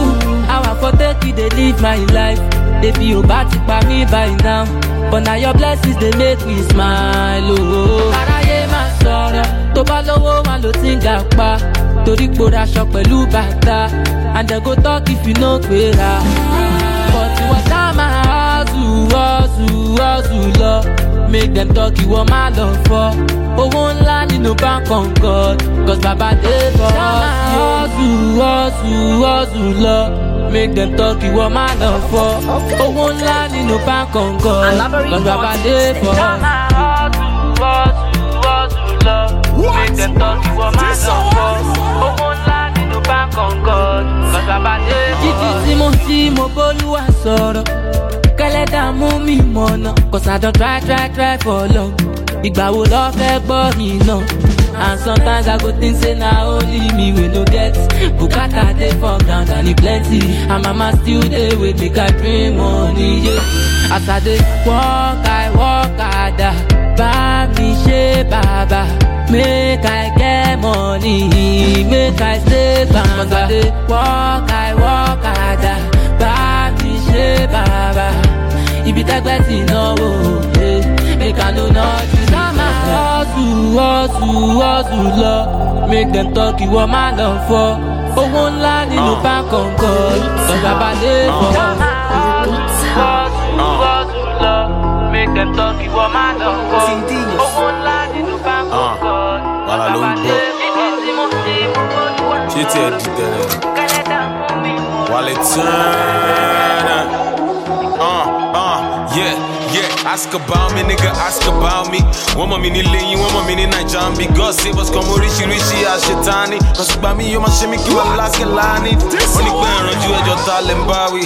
how i for take you dey live my life baby o bá ti pa mí by now but na your blessings dey make me smile Oh, aráyé máa sọ̀rọ̀ tó bá lówó wọn ló ti ń gà pa torí pòraṣọ pẹ̀lú bàtà. and dem go talk if you no kwera but you iwọta ma hazu hazu hazu love, make them talk iwọ ma lọ fọ owó ńlá nínú bank on god cause baba dey for us yo. hazu hazu hazu love, make them talk you iwọ ma lọ fọ owó ńlá nínú bank on god cause baba they for us. Hazu hazu hazu love, make them talk iwọ ma lọ fọ owó back on God. Cause I'm about to see mo see mo bolu wa soro. Kẹ́lẹ́ dààmú mi mọ̀nà. Cause I don try try try for long. Ìgbà wo lọ fẹ́ gbọ́ mi And sometimes I go think say na only me we no get. Bukata dey for ground and e plenty. And mama still dey wait make I bring money. Yeah. As I dey walk, I walk, I Baba, me she Baba. Make I get money, make I stay banga. Cause I walk, I walk, I die. Baba, me she Baba. Ibi tagbe ti náwó, eh. make I know not you sama. Hustle, hustle, hustle lọ, make dem talk ìwọ má lọ fọ. Owó ńlá nínú ah. báńkì ọ̀ǹkọ̀, sọ̀rọ̀ abalẹ̀ fọ̀. Ah. Them talk you are my dog. Owó ńlá nínú báńkì kan. Bàrà ló ń gbọ́. Ṣé tiẹ̀ dìtẹ̀ rẹ̀? Wálé tán náà. Ask about me, nigga, ask about me. One more mini nílé yín, wọ́n mọ̀ mí ní Naija ń bí. God save us, kan mo oríṣiríṣi àṣetá me. Lọ́sùgbà mi yóò máa ṣe mí kí wọ́n láṣẹ láàánì. Wọ́n ní pé ìrànjú ẹjọ́ ta lẹ̀ ń bá wí.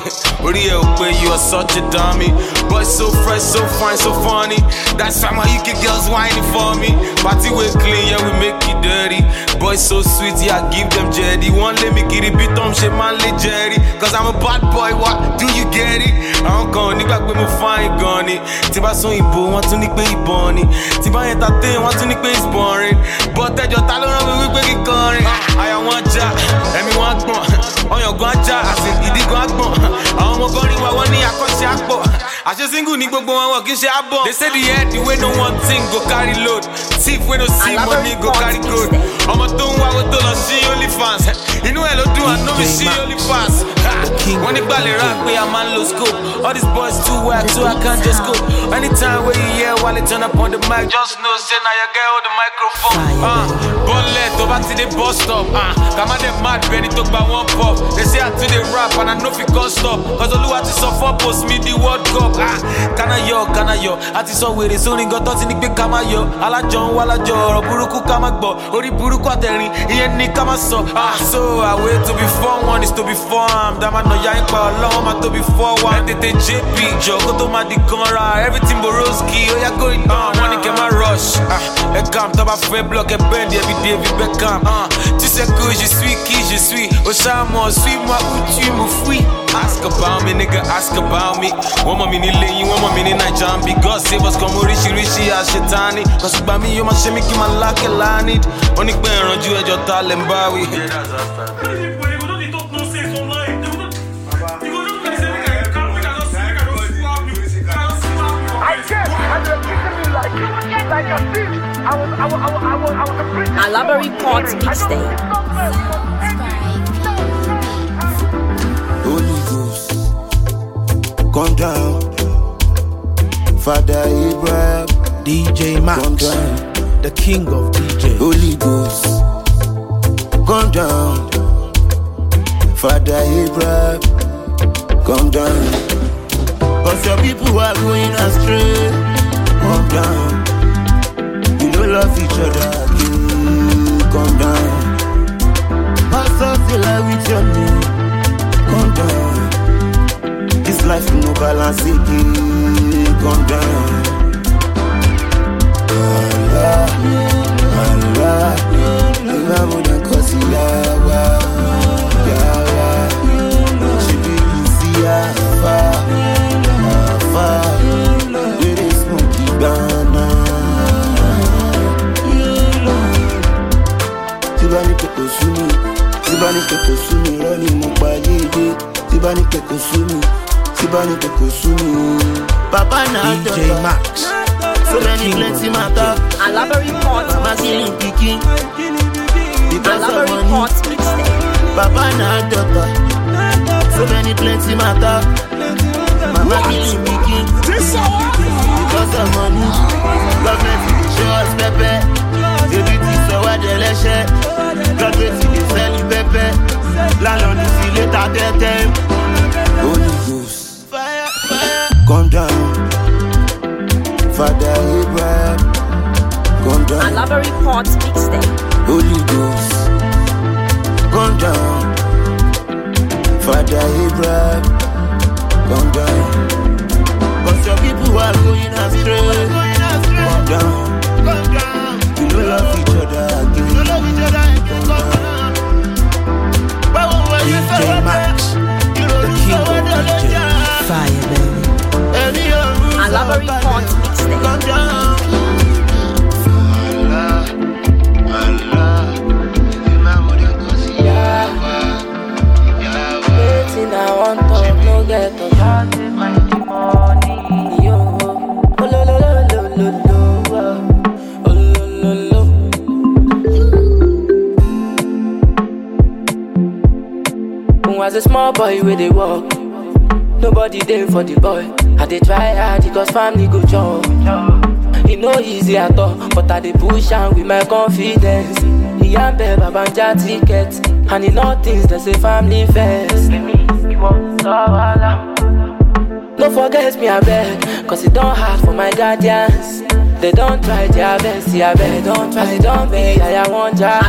Orí ẹ̀ ò pé you are such a dummy. Boy so fresh, so fine, so funny. That's why my UK girls whining for me. Party wey clean, yeah, we make it dirty. Boy so sweet, yeah, I give them jedi. One lé me kiri it, Tom ṣe máa ń lé Jerry. Cause I'm a bad boy, what do you get it? I Àwọn kan ò nígbà with my fine gunny tí bá sún ìbò wọ́n tún ní pé ìbọn ni tí bá yẹn tàté wọ́n tún ní pé it's bọ́tẹ́jọ́ ta ló rán mi wípé kíkọrin àyà wọn já ẹ̀mí wọn gbọ̀n ọyàngún ajá àti ìdígun agbọ̀n àwọn ọmọ wa wọ́n ní akọ́ṣe àpọ̀ àṣẹ single ní gbogbo wọn wọn kì í ṣe àbọ̀ they say the head the way no want thing go carry load thief wey no see money go carry gold ọmọ tó ń wá owó tó lọ sí only fans inú ẹ̀ ló dùn àná mi sí olifas wọ́n nígbà lè rán pé a man lose lo scope all these boys too well too I can't just go anytime where you hear wale turn up on the mic just know say now your girl hold the microphone uh, over tó the bus stop. bus uh, come on they mad bí ẹni tó gba one pop they say I too the rap and I know no can't stop. stop cause olúwa ti to suffer post me the world cup Ah, can kánayọ kánayọ àti sọ wèrè sórin gan tó ti ní pé ká má yọ alájọ ń wá alájọ ọ̀rọ̀ burúkú ká má gbọ́ orí burúkú àtẹ̀rín ìyẹn ní ká má sọ. Ah, I wait to be one is to be formed. That man no yank pa long, i to be one. Tete JP, Joko to my digonra. Everything Boroski, oh yeah, go it down. Money came a rush. Ah, a camp, top of fair block, a bend, every day, every beckham. Ah, tu sais que je suis qui je suis. Au suis-moi où tu me fuis. Ask about me, nigga, ask about me. One more minute lane, one more minute night jump. Because save us come rishi rishi ashitani. Cause by me, you must shame me, give my luck a lanit. Only pay around you at your talent, Bowie. Like a bitch. I was, I was, I was, I was a princess. Alabari Port Beach Day. Come down. Father Abraham, DJ Max. Come down. The king of DJ. Holy Ghost. Come down. Father Abraham, Come down. Cause your people are going astray. Come down. You don't love each other. come down. Pass us the light with your name. Come down. life you no balance it come Allah, Allah, ìgbà mo dàn kọ́ sí yàrá, yàrá, ṣe bí mi sí àfà, àfà, eré smoke gbàna. Tí bá ní kẹ̀kọ́ sún mi, tí bá ní kẹ̀kọ́ mo pa yéé dé, tí bá Kibani to Kusumu Papa Nato DJ Max So many plenty matter Alaba report Mama killing Because of money, Papa Nato So many plenty matter Mama killing picking Because of money Government shows pepe Everything so what they let God wait till they sell you pepe Landlord is later dead time Holy Ghost come down. Father Abraham, come down. And Library Ports Mixtape. Holy Ghost, come down. Father Abraham, come down. Cause your people are going astray. Come down. Come down. You do love each other again. You love each other again. Come down. Come down. DJ Max, the king of DJs. Fire, baby and I want to no get to oh oh was a small boy where they walk, nobody there for the boy. I dey try hard because family go chop. E no easy at all, but I dey push on with my confidence. Iyambe babanja ticket, and in all things they say family first. No forget me I beg, cause it don't hard for my guardians. They don't try their best, yeah, they don't try, they don't be, yeah, I want ya.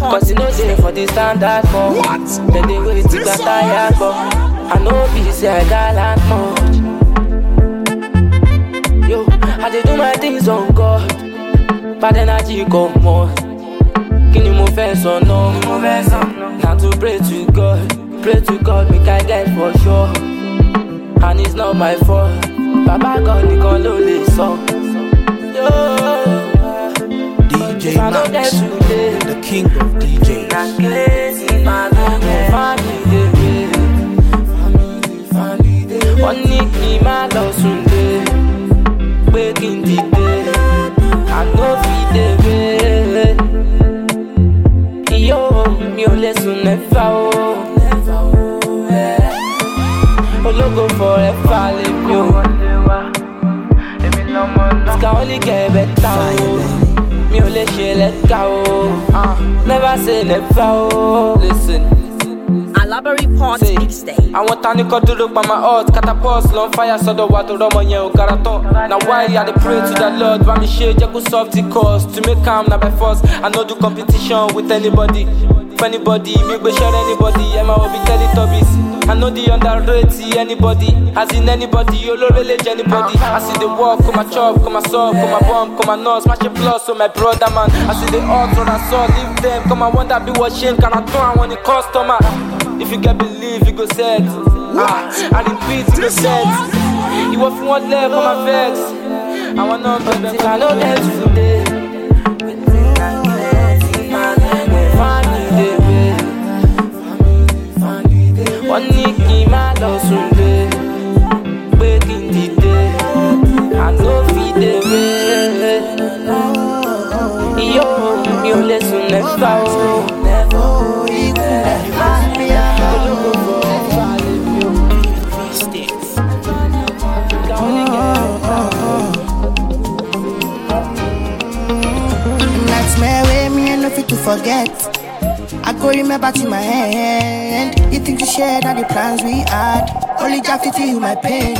Cause you know they for the standard for. What? Then they wait to get tired for. I know be, say I got much. I dey do my things on God. Bad energy come on. Kí ni mo fẹ́ sọ no. Now to pray to God. Pray to God make I get for sure. And it's not my fault. Bàbá God nìkan ló lè sọ. DJ Max, the king of DJs. Na kérésì máa lọ bẹ́ẹ̀. Fáàlì lè me, é. Wọ́n ní back in the day. I know fit the way. Yo, mi ò lè sùn never oh. o. Ológo forever lè mi o. Ska only get better o. Mi ò lè ṣe lẹ́ka Never say never o. Listen report next day. I want Tanika to look by my heart, catapult, long fire, so the water, Romanyo, Karato. Now, why I dey pray to the Lord, why me share, Jacob, soft, cause to make calm, not by force. I know do competition with anybody if anybody, make we share anybody. I'm to be Teletubbies. I know the underrated anybody. As in anybody, you low village anybody. I see the walk, come my chop, come my soul, come my bomb, come my nose, smash a plus, so my brother man. I see the odds, what I saw, leave them. Come I that be watching. can I turn on want the customer. If you can believe, you go set. Ah, I repeat, you go set. You want one left, come my vex. I want none, but I know that's today. wọ́n ní kí n má lọ sùn lé pé kí n dìde àná fi dé wé. Iyó mi ò lè sùn lẹ́fà o. Forget go remember to my hand. You think you shared all the plans we had? Only Jaffe to you my pain.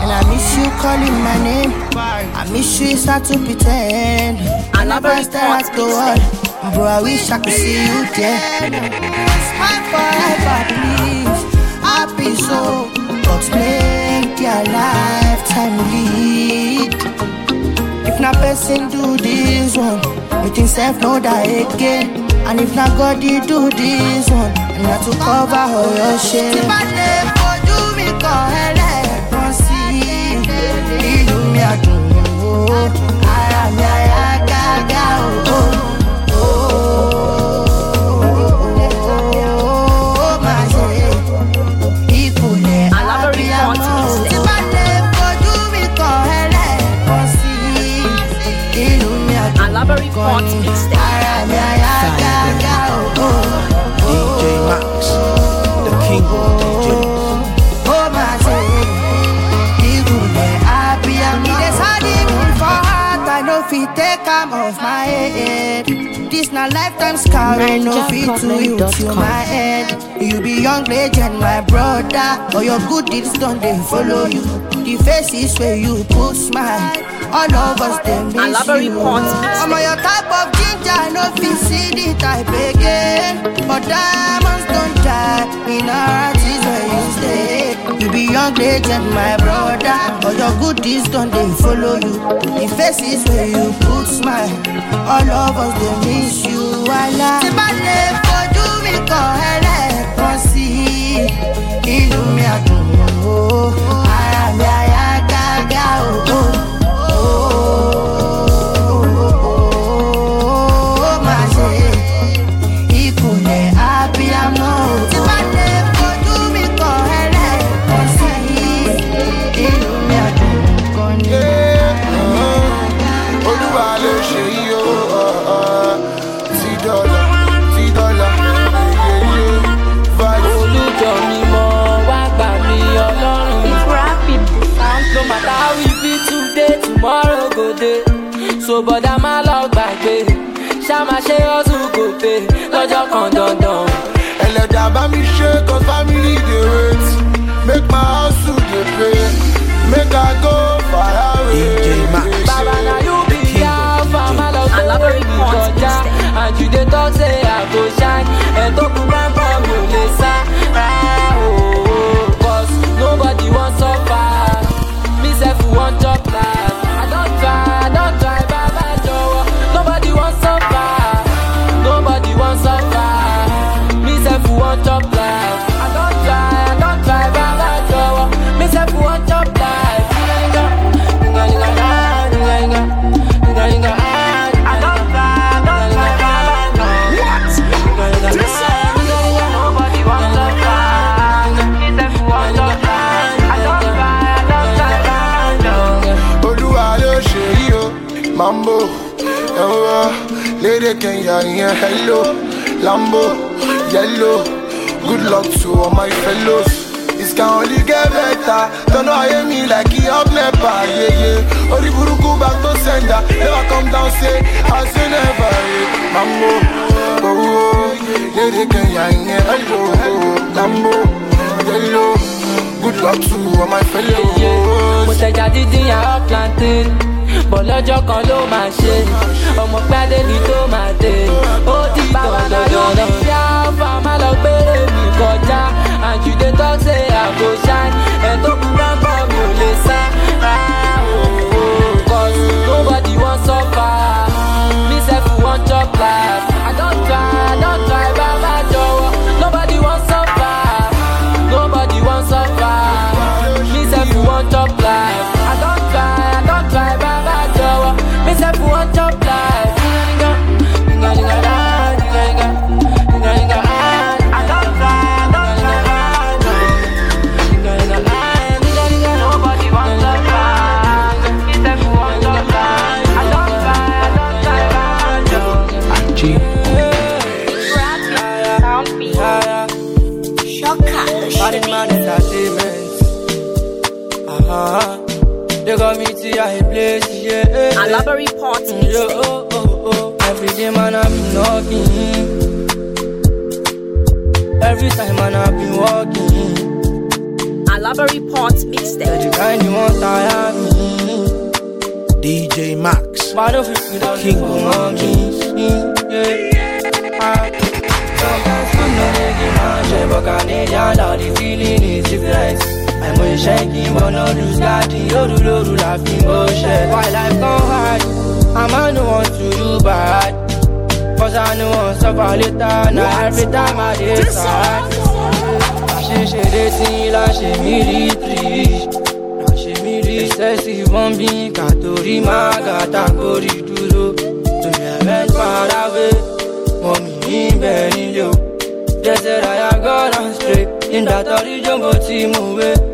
And I miss you calling my name. I miss you, start to pretend. And I burst out the wall. Bro, I wish I could see you again. Smile forever, please. Happy so. But make your lifetime lead. If not, person do this one. we think self, know that again. And if not God, you do this one, and not to cover all your shame. Ara Mixtape. king. Oh, my Even I be a me, there's honeymoon I know if it take come off my head. This not lifetime scar, I know fit to you to my head. You be young legend, my brother. All your good deeds done, they follow you. The faces where you put smile. All of us, they miss you. I'm on your type of ginger. I no fit see the type again. But diamonds don't die in our artists where you stay. You be young legend, my brother. All your goodies don't they follow you. The faces where you put smile. All of us they miss you. Voila. Tí bá lè fojú mi kàn ẹlẹ́ẹ̀kan sí i, inú mi á dùn ó. Oh. dé so bọ́dá má lọ gbàgbé ṣá máa ṣe ọ̀sùn kò pé lọ́jọ́ kan dandan. ẹlẹ́dàá bá mi ṣe cause family dey wait make my hustle dey pay make i go far away. baba na you be the alpha má lọ gbé ìkọjá and you dey talk say i go shine ẹ̀ tó kú pàmpá. Giovanni and hello, Lambo, yellow. Good luck to all my fellows. This can only get better. Don't know I me like he up never. Yeah, yeah. Only guru go back to sender. Never come down, say, I say never. Yeah. Mambo, oh, oh, yeah, they can yang, hello, Lambo, yellow. Good luck to all my fellows. Mucha jadi dia plantain. bọ̀ lọ́jọ́ kan ló máa ṣe ọmọ gbádé ni tó máa dé ó ti tàn lọ́dọọdọ. ṣáfà má lọ gbére mi kọjá and you dey talk ẹ̀ tó kú ráńpọ̀ mi ò lè sá. cause nobody wan suffer me sef wan chop life. Strawberry Pot Yo, oh, oh, oh. Every day, man, I've been knocking. Every time, man, I've been walking. Mixtape. kind you want, I have me. DJ Max. Why don't you the king of monkeys? Sometimes I'm not making my shape, but all the feeling is different. I'm àìmọ iṣẹ́ kí n bọ̀nà lùsíkàdì lódùlódù la fi ń bọ́ṣẹ́. Why life come hard àmọ́ no wan to do bad cause I no wan suffer later Now every time I dey sad. àṣeṣeré tí la ṣe mí rí tìrì la ṣe she rí. excessive bombing kàtòrí máa gàtà kórì dúró tòmí ẹ̀fẹ́ tó mommy, wé mọ̀ mí níbẹ̀ They Desert I have gone straight, in that original jumbo team away.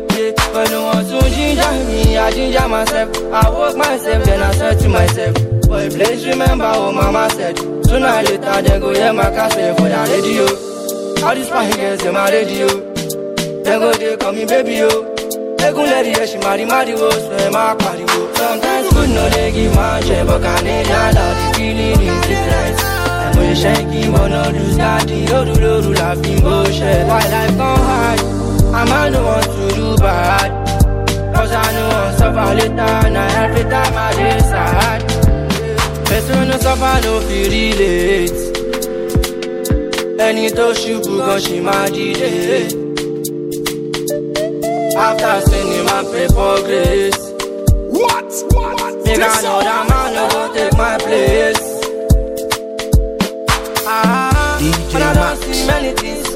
pẹ̀lú want to ginger me I ginger myself I woke myself then I said to myself Boy please remember what mama said Tonight, or later they go hear my cassette for their radio All these fine girls in my radio They go they call me baby yo oh. They Egun lady yeah she marry marry wo oh. so my má pariwo oh. Sometimes good no dey give man share but Canadian love the feeling is different Ẹ̀mú iṣẹ́ kí wọ́n náà lùsí àdìyódúlódù làbí mo ṣe. Wildlife kan high. I'm I don't want to do bad. Cause I know I'll suffer later and I have to time I decide. Person no suffer, no feel relate. touch you put gan ṣì my DJ. After sinning, my pray for grace. What? What? Make another man no go take my place.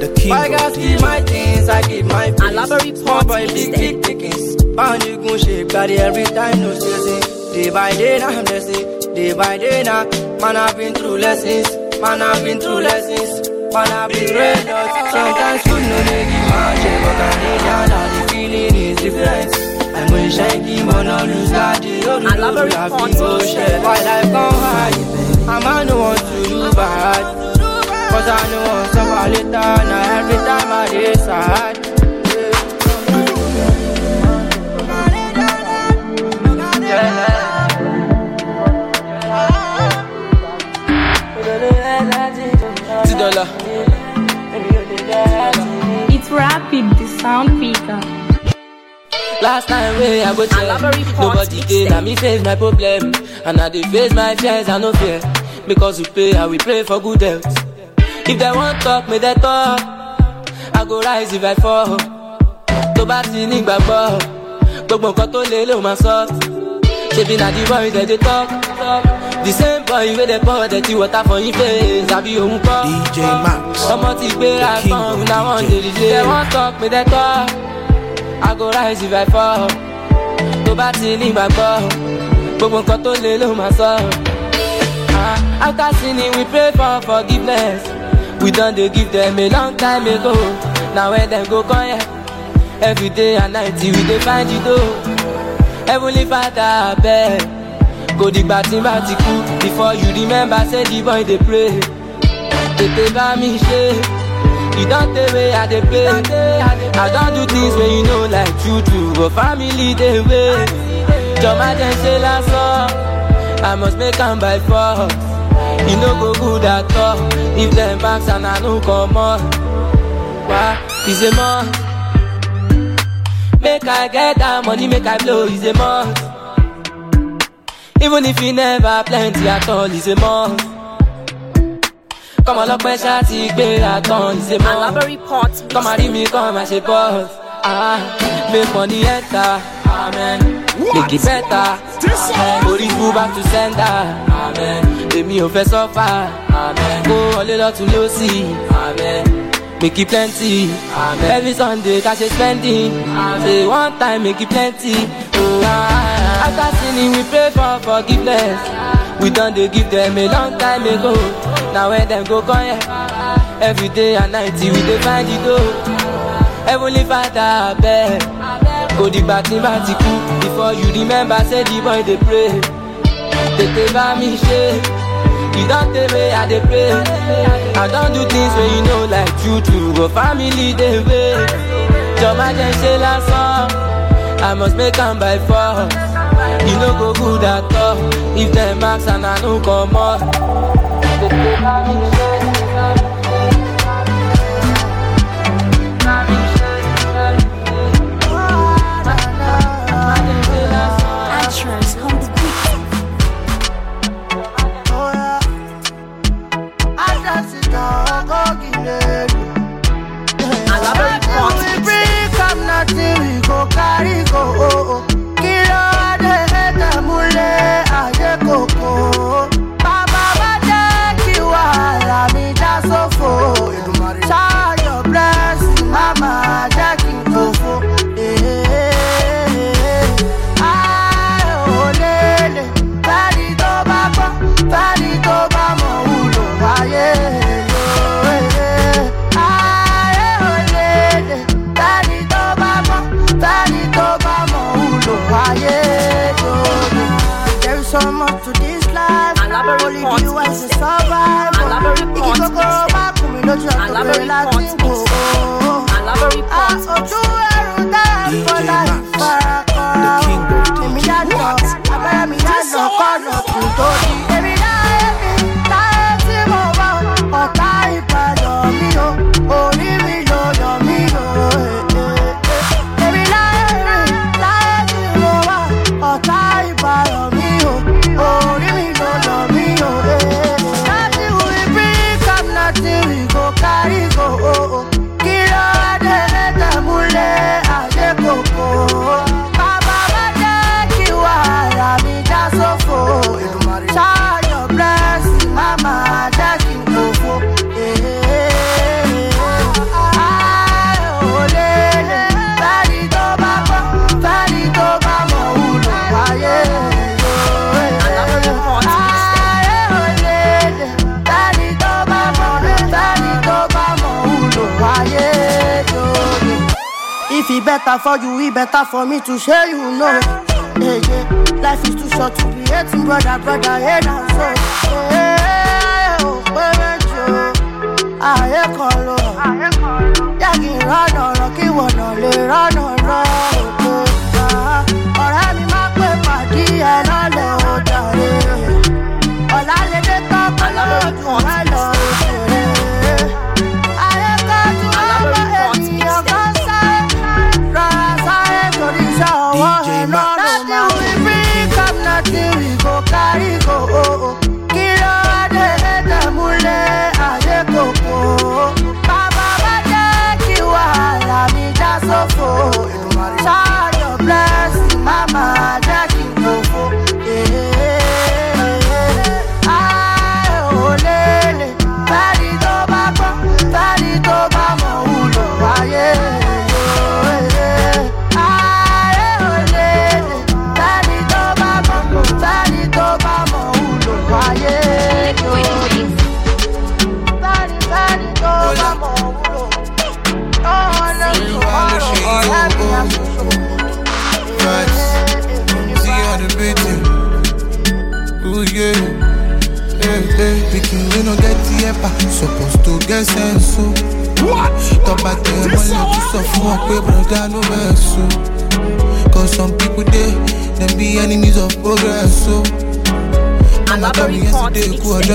the king Why guys give my things, I give my face. I love a report boy, big, big pickings. Bound you go shape body every time, no stressing. Day by day, now I'm blessing. Day by day, now. Man, I've been through lessons. Man, I've been through lessons. Man, I've been red dots. Sometimes food no make it much, but I need that. Now the feeling is different. I wish I keep on all lose that. I love a report. Why life gone high? I'm not the one to do bad. Cause I know later Now every time I decide It's rapid, the sound picker. Last time we I go check Nobody did, na me face my problem And I deface face my fears, I no fear Because we pay, I we pray for good health if they want talk, may they talk. I go rise if I fall. Tó bá ti ní gbàgbọ́, gbogbo nǹkan tó lé ló máa sọ. Ṣebí na the boy dem dey talk. The same boy wey dey pour dirty water for him face, àbí òun kọ́. DJ Max, ọmọ ti gbé àgbọn, na wọ́n dey If They want talk, may they talk. I go rise if I fall. Tó bá ti ní gbàgbọ́, gbogbo nǹkan tó lé ló máa sọ. Ah, after sinning, we pray for forgiveness. we done dey give them a long time ago Now where them go come here every day and night we dey find you though heavenly father abeg Go dig tí n bá ti kú before you remember say the boy dey pray They tètè bá me ṣe You don't tey wey i dey play i don't do things wey you know like you do. but family dey wait jọ̀ọ́ má jẹ́ ṣe song. i must make am by force. You go good at all if them and i a make i get that money make i blow is a month even if you never plenty at all is a month kọmọ my ṣá ti gbéra tán is a month come me, il ah make money enter amen make it better back to èmi ò fẹ́ sọ́fà kó wọlé lọ́tún ló sì make it plenty every sunday ká ṣe spending say one time make it plenty. Oh, ah, after sinning we pray for forgiveness we don dey give them a long time ago na when dem go come here every day and night we dey find it goal heavenly father abeg kò dìgbà tí bá ti kú before you remember say the boy dey pray tete buy me shit. You don't tell me I dey play. I don't do things where you know like you do. But family they wait. Jọba jẹ ṣe lásán. I must make am by four. You no go good at all. If dem ask and I no comot. Tete buy me shit. party go. Oh, oh. Better for you, it better for me to share you know. Hey, yeah. Life is too short to be hating, brother, brother, head and Hey, oh,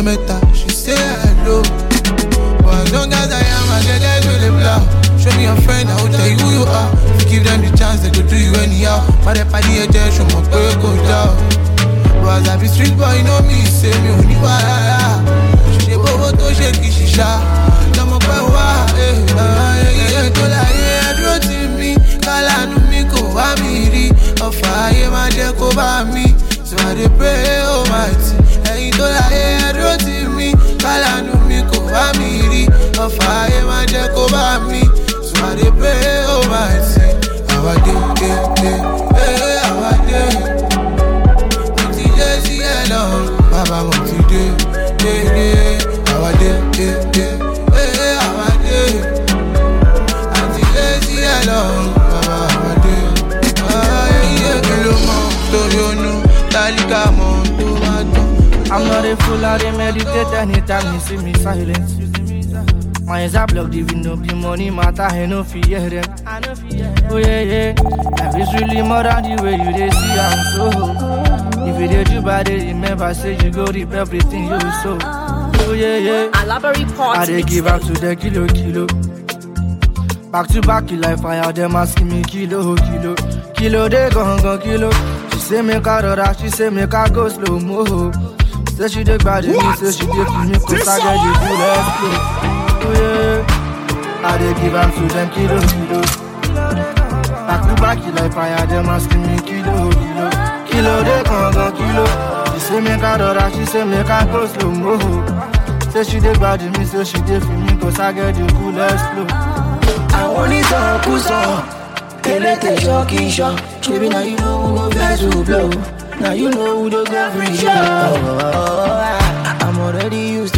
meta be money matter, I no fear them. I Oh yeah yeah, really more than the way you they see I'm so. If you did you bad, remember say you go everything you Oh yeah yeah. I they give up to the kilo kilo. Back to back, like fire, them asking me kilo kilo kilo they gon gon kilo. She say make a rush, she say make a go slow mo. Say she dey bad me, say she dey kill me, cause I get the full explode. Oh yeah. I dey give am to them kilo kilo. Takuba kila fire them asking me kilo kilo. Kilo dey gangan kilo. She say make I rọra, she say make I go slow mo. Say she dey gbadi me, say she dey for me, cause I get the coolest flow. Àwọn onítàn sọ, elétè sọ kí n sọ, ṣèbí na you know who go vex blow, na you know who dey get free shot. I'm already used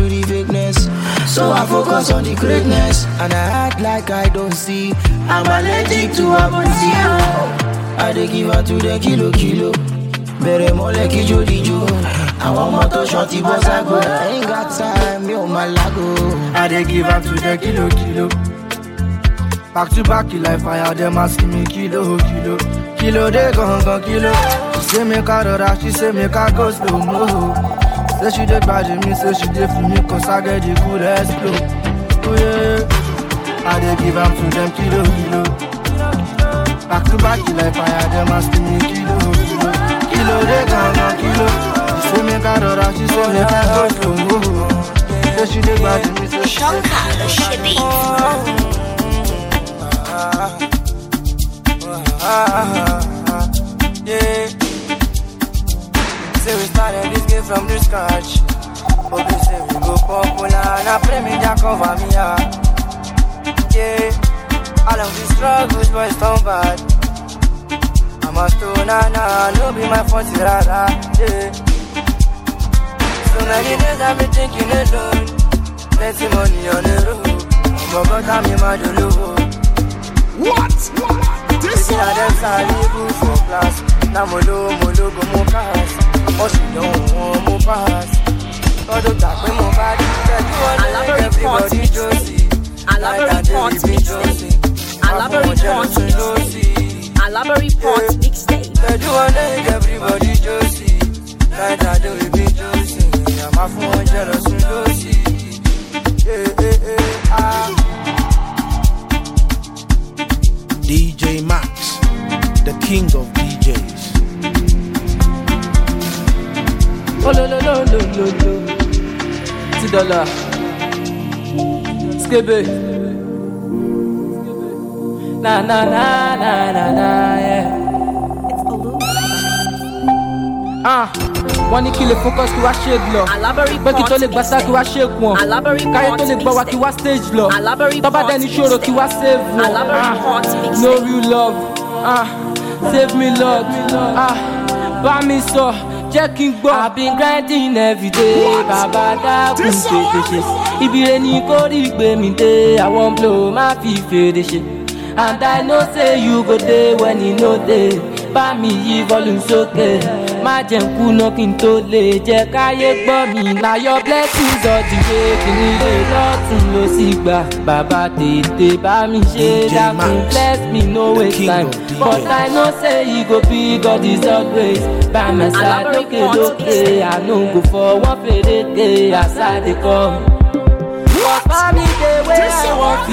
so I focus on the greatness and I act like I don't see. I'm allergic to Abonzio. I dey give her to the kilo kilo. Bẹ̀rẹ̀ mọ́lẹ̀ kí jòdìjò. Àwọn ọmọ tó ṣan ti bọ́ ságo. I ain't got time, yo my máa lágo. I dey give her to the kilo kilo. Back to back, like fire, them asking me kilo kilo. Kilo dey gangan kilo. She say make a rush, she say make I go slow mo. Say she dey grudge me, say she dey for me, cause I get the coolest flow. Oh yeah, I dey give am to them kilo kilo. Back to back, you like fire, them asking me kilo kilo. Kilo dey come on kilo. She say make I rora, she say make I go slow. Say she dey grudge me, say she dey for me. Yeah say we started this game from the scratch. Hope you say we go popular and I pray me that cover me up. Yeah, all of these struggles, boys, don't bad. I'm a stone, stoner now, no be my fault, rara. Yeah. So many days I've been thinking alone. Plenty money on the road, but God I'm in my dolo. What? What? This is how them salibu for class. Now molo molo go mo cast but she don't want more pass. Ọdún tà pé mo bá díjẹ́ kí wọ́n lè rí everybody jọ́sí. Alabari Port Mixtape. Alabari Port Mixtape. Alabari Port Mixtape. Pẹ̀lú ọ̀nà everybody jọ́sí. Láìda dé orí bí jọ́sí. Àmà fún ọjọ́ lọ sún lọ́sí. Dollar. Skibbe. Na na na na na na yeah. Ah. wọ́n ní kí lè focus kí wá shade lọ pé kí tó lè gbàsá kí wá shake wọn káyé tó lè gbọ́ wá kí wá stage lọ tọ́ba dẹni ṣòro kí wá save wọn ah no real love ah save me lord ah bá mi sọ. So jẹ́ I've i been grinding everyday bàbá dákun tètè ṣe ibire ni kórì gbé mi dé àwọn blow má fi fèrè ṣe and i know say you go there when you know there, By me, you volume sókè. Okay. má jẹ́ ń kùnà kí n tó lè jẹ́ káyé gbọ́ mi láyọ̀ blessings ọ̀dìwé kìíní lè lọ́tún ló sì gbà bàbá tètè bá mi ṣe dákun bless me no waste time but I know say e go be God is always by my side lókè lókè I no go for one fèrè tè dey wait I wan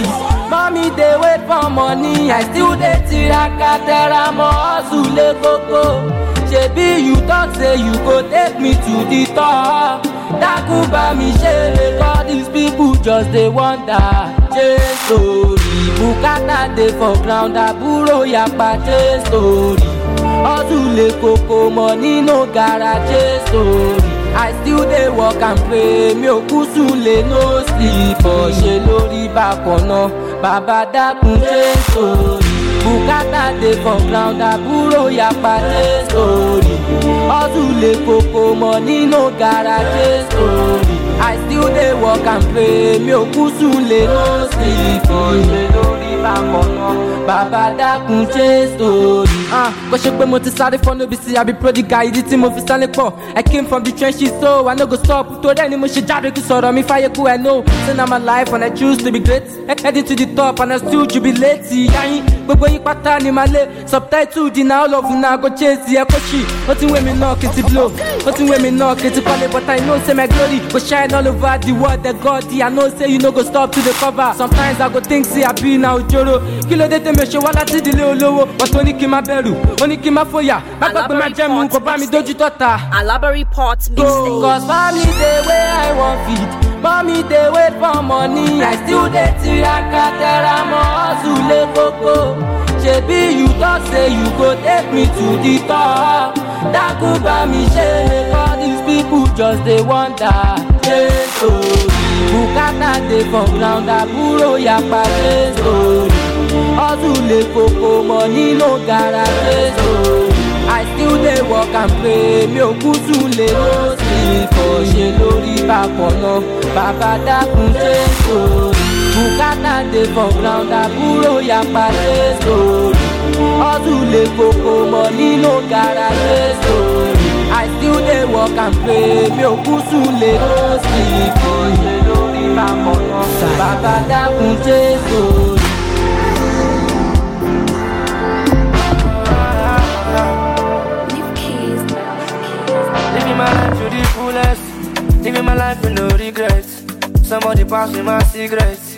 mami dey wait for money, I still dey tiraka tẹra mọ́ hustle lé kókó shebi you talk say you go take me to the top dákúbà mi ṣe lè kọ́ these people just dey wonder ṣé sórí bùkátà dey for ground àbúrò yapa ṣé sórí hustle lè kókó mọ nínú gara ṣé sórí i still dey work and pray mi ò kú sùn lè no sleep ọ̀ṣẹ́ lórí bákan náà bàbá dákun ṣé sórí bùkátà dé for ground àbúrò yapa jẹ́ story. hustle lè koko mọ́ nínú gara jẹ́ sórí i still dey work and pray mi ò kú sùn lè no sleep. lákọ̀ọ́nà bàbá dákun jésù rí. Ah, kò ṣe pé mo ti sáré fọ́n níbi sí àbí prodigal ìdí tí mo fi sáré pọ̀ i came from the trenches so i no go stop torí ẹni mo ṣe jáde kí sọ̀rọ̀ mi fáyé kú ẹ̀ no say na my life and i choose to be great heading to the top and i still jubilate ìyá yín gbogbo yín pátá ni màá lé subtitle di na all of una go chase ẹ kó ṣì ó ti ń wé mi náà kí n ti blow ó ti ń wé mi náà kí n ti kọ́lé but i know say my glory go shine all over the world the god i know say you no go stop to dey cover sometimes i go think say i be na ojo joro dé tẹ̀mẹ̀ ṣe wá láti olówó kí má bẹ̀rù kí má fòyà má gbàgbé má jẹ́ mu kó bá mi dójú tọ́ta. alabari pot mixtape. cause family the way i want feed mommy they wait for money i still dey tiraka tẹra mọ́ ọ̀sùn kókó ṣebí you talk say you go take me to the top dákú mi ṣe all these people just dey wonder. Yeah, so. bùkátà dé for ground àbúrò ya pàdé sórí hustle lè koko mọ nínú garaje sórí i still dey work and pray mi o kú le. lè ló sì kọ̀ ṣe lórí bàbọ̀ náà bàbá dákun ṣe sórí bùkátà dé for ground àbúrò ya pàdé sórí hustle lè koko mọ nínú garaje sórí i still dey work and pray mi o kú le. lè ló sì Living my life to the fullest, living my life with no regrets. Somebody pass me my cigarettes.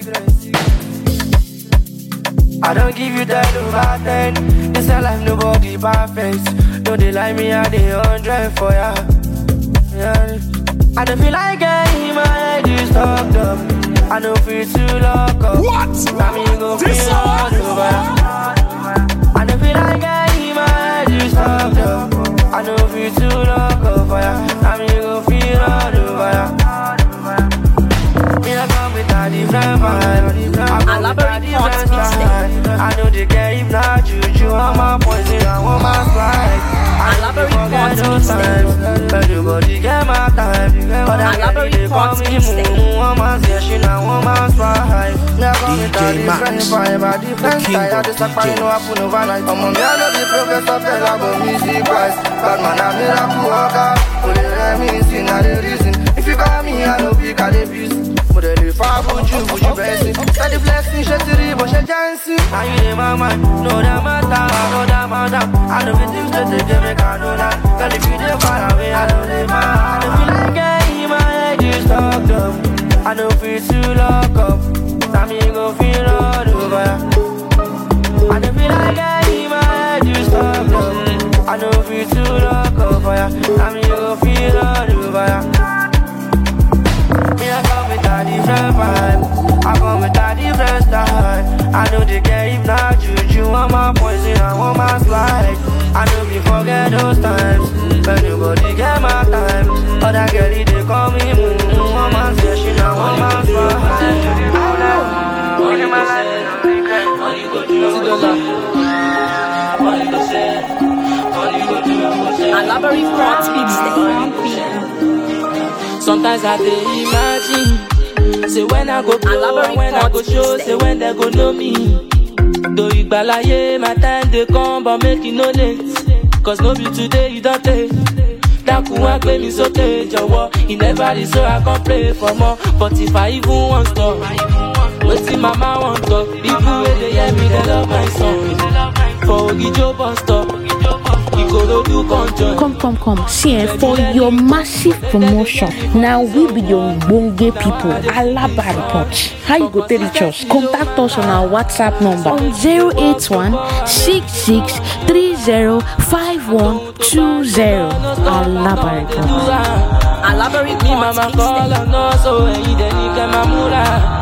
I don't give you that over ten. This a life nobody perfect. Don't they like me? I they hundred for ya. Yeah. I don't feel like it stopped up. I know feel too lock up. What? Now me go this feel all over. I know feel like I might you stopped up. I know feel too lock up. Now me go feel all over. Elaborate on speech I know the girl if not juju, I'm a poison, I want my pride. Elaborate on speech Everybody get my time, but I need to call me moon. I'm session, I want my pride. Never meet a different vibe, a different style. I just a party, no happen overnight. I'm on me, I know the progress of the lab of music price. Bad man, I'm here, I'm cool, i Only let me sing, I the reason. If you call me, I know we can abuse. I would you, feel like I in my head is stuck up. I know feel too lock up. Now me go feel all over. I know feel like I in my head is stuck up. I know feel too lock up. I know they get if not juju. I'm my poison, I want my slide. I know we forget those times. But nobody get my time. Other girlie, they call me moon. I'm my session, I want my slide. Only my life, only go do, only go say, only go do. I love a refrain, speaks the Sometimes I imagine Say when I go blow, when I go show, say eh? when they go know me. Though Igbalaye, my time they come, but make it no late. Cause no be today you don't take. That dákun wá gbé mi sókè jọ̀wọ́ ìnẹ́bàdì so I can play for more but if I even wan stop my mama wan talk people where they hear me they love my song for ogijo bust up? Come, come, come. See, for your massive promotion, now we be your bonge people. Alaba report. How you go to reach us? Contact us on our WhatsApp number on 081 Alaba report. Alaba report.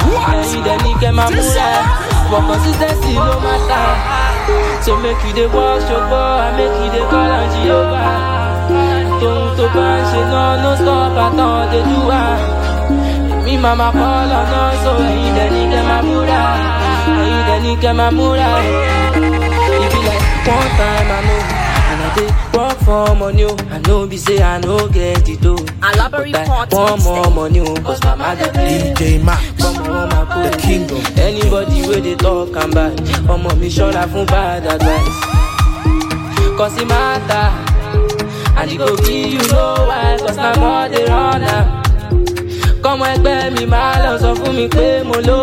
What? Hey, then For consistency, no matter. So make you the wash your boy, I make you the call on Jehovah. Don't to pass, you know, no stop at all, they do ah. Me mama call on us, so I eat the nigga Mamura. I eat the nigga Mamura. It be like one time I know dey work for money oh. I know be say i no get it o oh. but i One more money oh, cause my mother. play dj max the kingdom anybody where they talk am bad ọmọ mi ṣọ́ra fún bad advice cause it matter and e go kill you no why cause na more dey run am kọ́mọ ẹgbẹ́ mi máa lọ sọ fún me, pé my ló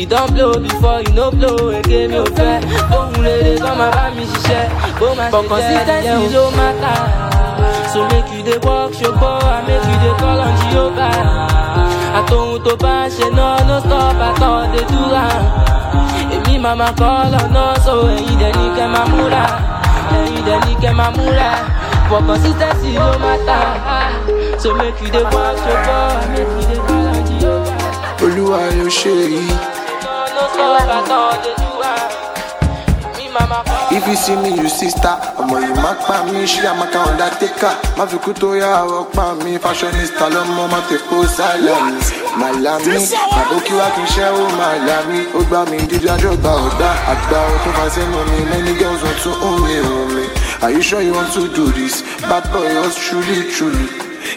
you don't blow before you no blow again, oh you fair. Oh, rere kan máa bá mi ṣiṣẹ́, bó Oh, my jẹ́ But consistency ló matter. So make you the work show I make you the call on Jehovah. Àtòhun tó bá ń ṣe náà no stop àtọ̀ oh, dey do am. Èmi máa máa call ọ̀nà so ẹ̀yin dẹ̀ ní kẹ́ máa And he dẹ̀ ní kẹ́ máa múra. But consistency ló matter. So make you the work show I make you the call on Jehovah. Olúwa ló ṣe yìí. If you see me, you sister, ọmọ yìí má me. She ṣí àmàkà undertaker. Má fi kú tó yá ọ pa mí, fashionista lọ́mọ má ti kó sálẹ̀ mi. Màlámi, àbókí wá kì í ṣẹ́ me màlámi. Ó gbá mi dídí I got. àgbà ọ̀tún fàṣẹ́nu mi. Many girls want to own me, own me. Are you sure you want to do this? Bad boy, us truly, truly.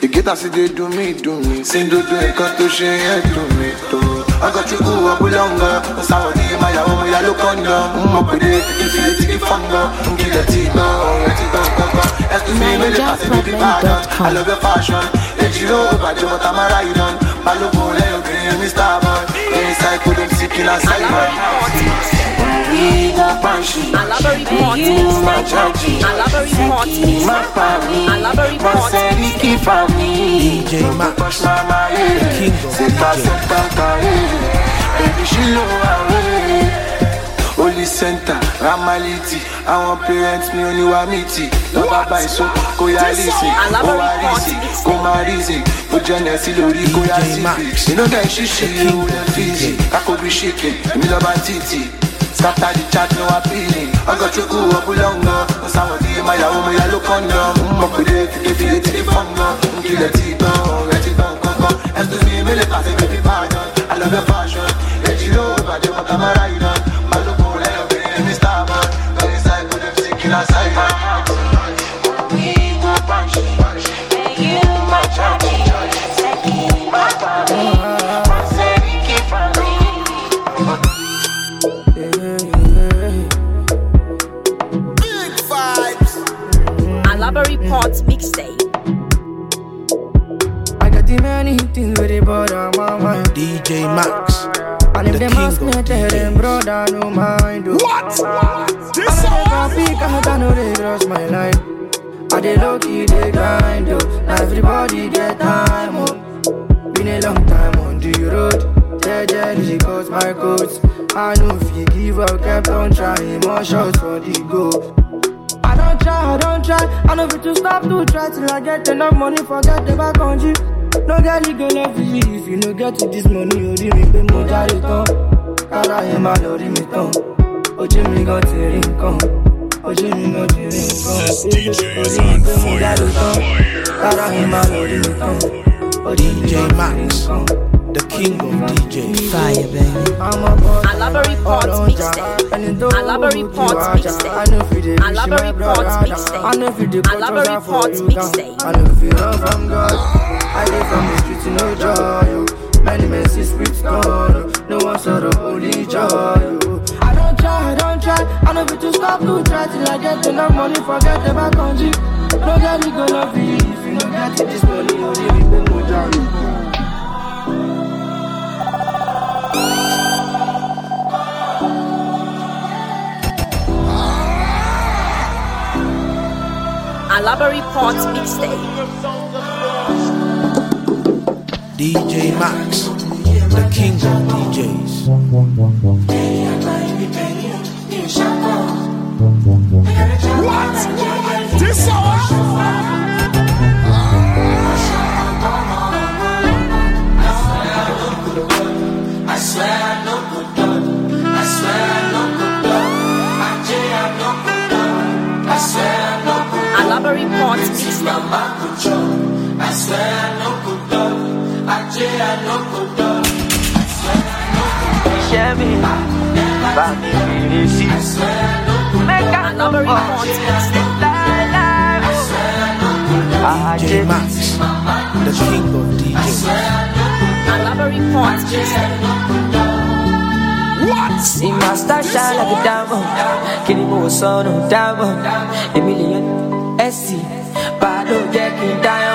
You Ìgétà sí dé dùn mí, dùn mí. Sí do, nǹkan cut to share, dùn mí, dùn mí. wakachukuwa kulonga sawadima yaomo ya lukondo mopede fikifietikifanga ngiletima I love your fashion. Let you know about your what i ride on. Balubole, you're green, Mr. Man. Inside, couldn't see killer Simon big up and she Alaberry pot me, my chachi Alaberry pot me, my family Alaberry pot me, my family DJ Max mama, eh King of Seta, seta, ta, eh Baby, she low away Holy Center, Ramaliti Àwọn parents mi oni wa miti Lọ́ba báyìí so, kò yá lísì Ó wá rísì, kò má rísì Ó jẹ́nẹ̀ sí lórí kó yá sí fi Iná dẹ̀ ṣíṣe, ó lẹ́ fíìsì Kákó bí ṣìkì, èmi lọ́ba títì Scatter the chat, no appealing. I got you cool up long now. Some of the my home, I look on now. I'm up with it, if you take it from now. Kill the tea, go, ready, go, go, go. And to me, me, let pass it, baby, pardon. I love your fashion. Let you know, but you're a camera, you know. My look, I'm a star, man. But it's like, I'm sick in a side, man. things with the mama. DJ Max. And if the them ask me, tell them, brother, no mind. Oh. What? what? This I never pick out, I know they my line. I they lucky. they grind, oh. Now everybody get time, oh. Been a long time on the road. Yeah, yeah, she calls my coats. I know if you give up, kept on trying more shots for the goal. I don't try, I don't try. I know if to stop to try till I get enough money, forget the back on you. No girl, you go love you if you no get to this money. Orí mi pé mo jáde tán, kára yẹn máa lọ rí mi tán. Ojú mi gan ti rí nǹkan, ojú mi gan Fire! rí nǹkan. Orí mi pé mo jáde tán, kára yẹn máa lọ Fire! mi tán. Ojú mi gan ti rí nǹkan. The king of DJ. Fire, baby. Alaba Reports mixtape. Alaba Reports mixtape. Alaba Reports mixtape. Alaba Reports mixtape. I live from the streets in no joy. Yo. Many messages with God. No one saw the holy joy. Yo. I don't try, I don't try. I know to stop, to try till I get enough money. Forget on G. No girl, gonna be. If you don't get it this money, only leave it, then go down. Alabari Port Mixtape. DJ Max, the king of DJs. What? This hour? Elaborate reports mixed up. I swear I know good Hear me, back in the seats. Make a number of DJ Max, the king of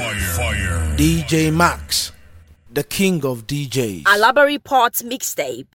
Fire. Fire. DJ Max, the king of DJs. Alabari Port Mixtape.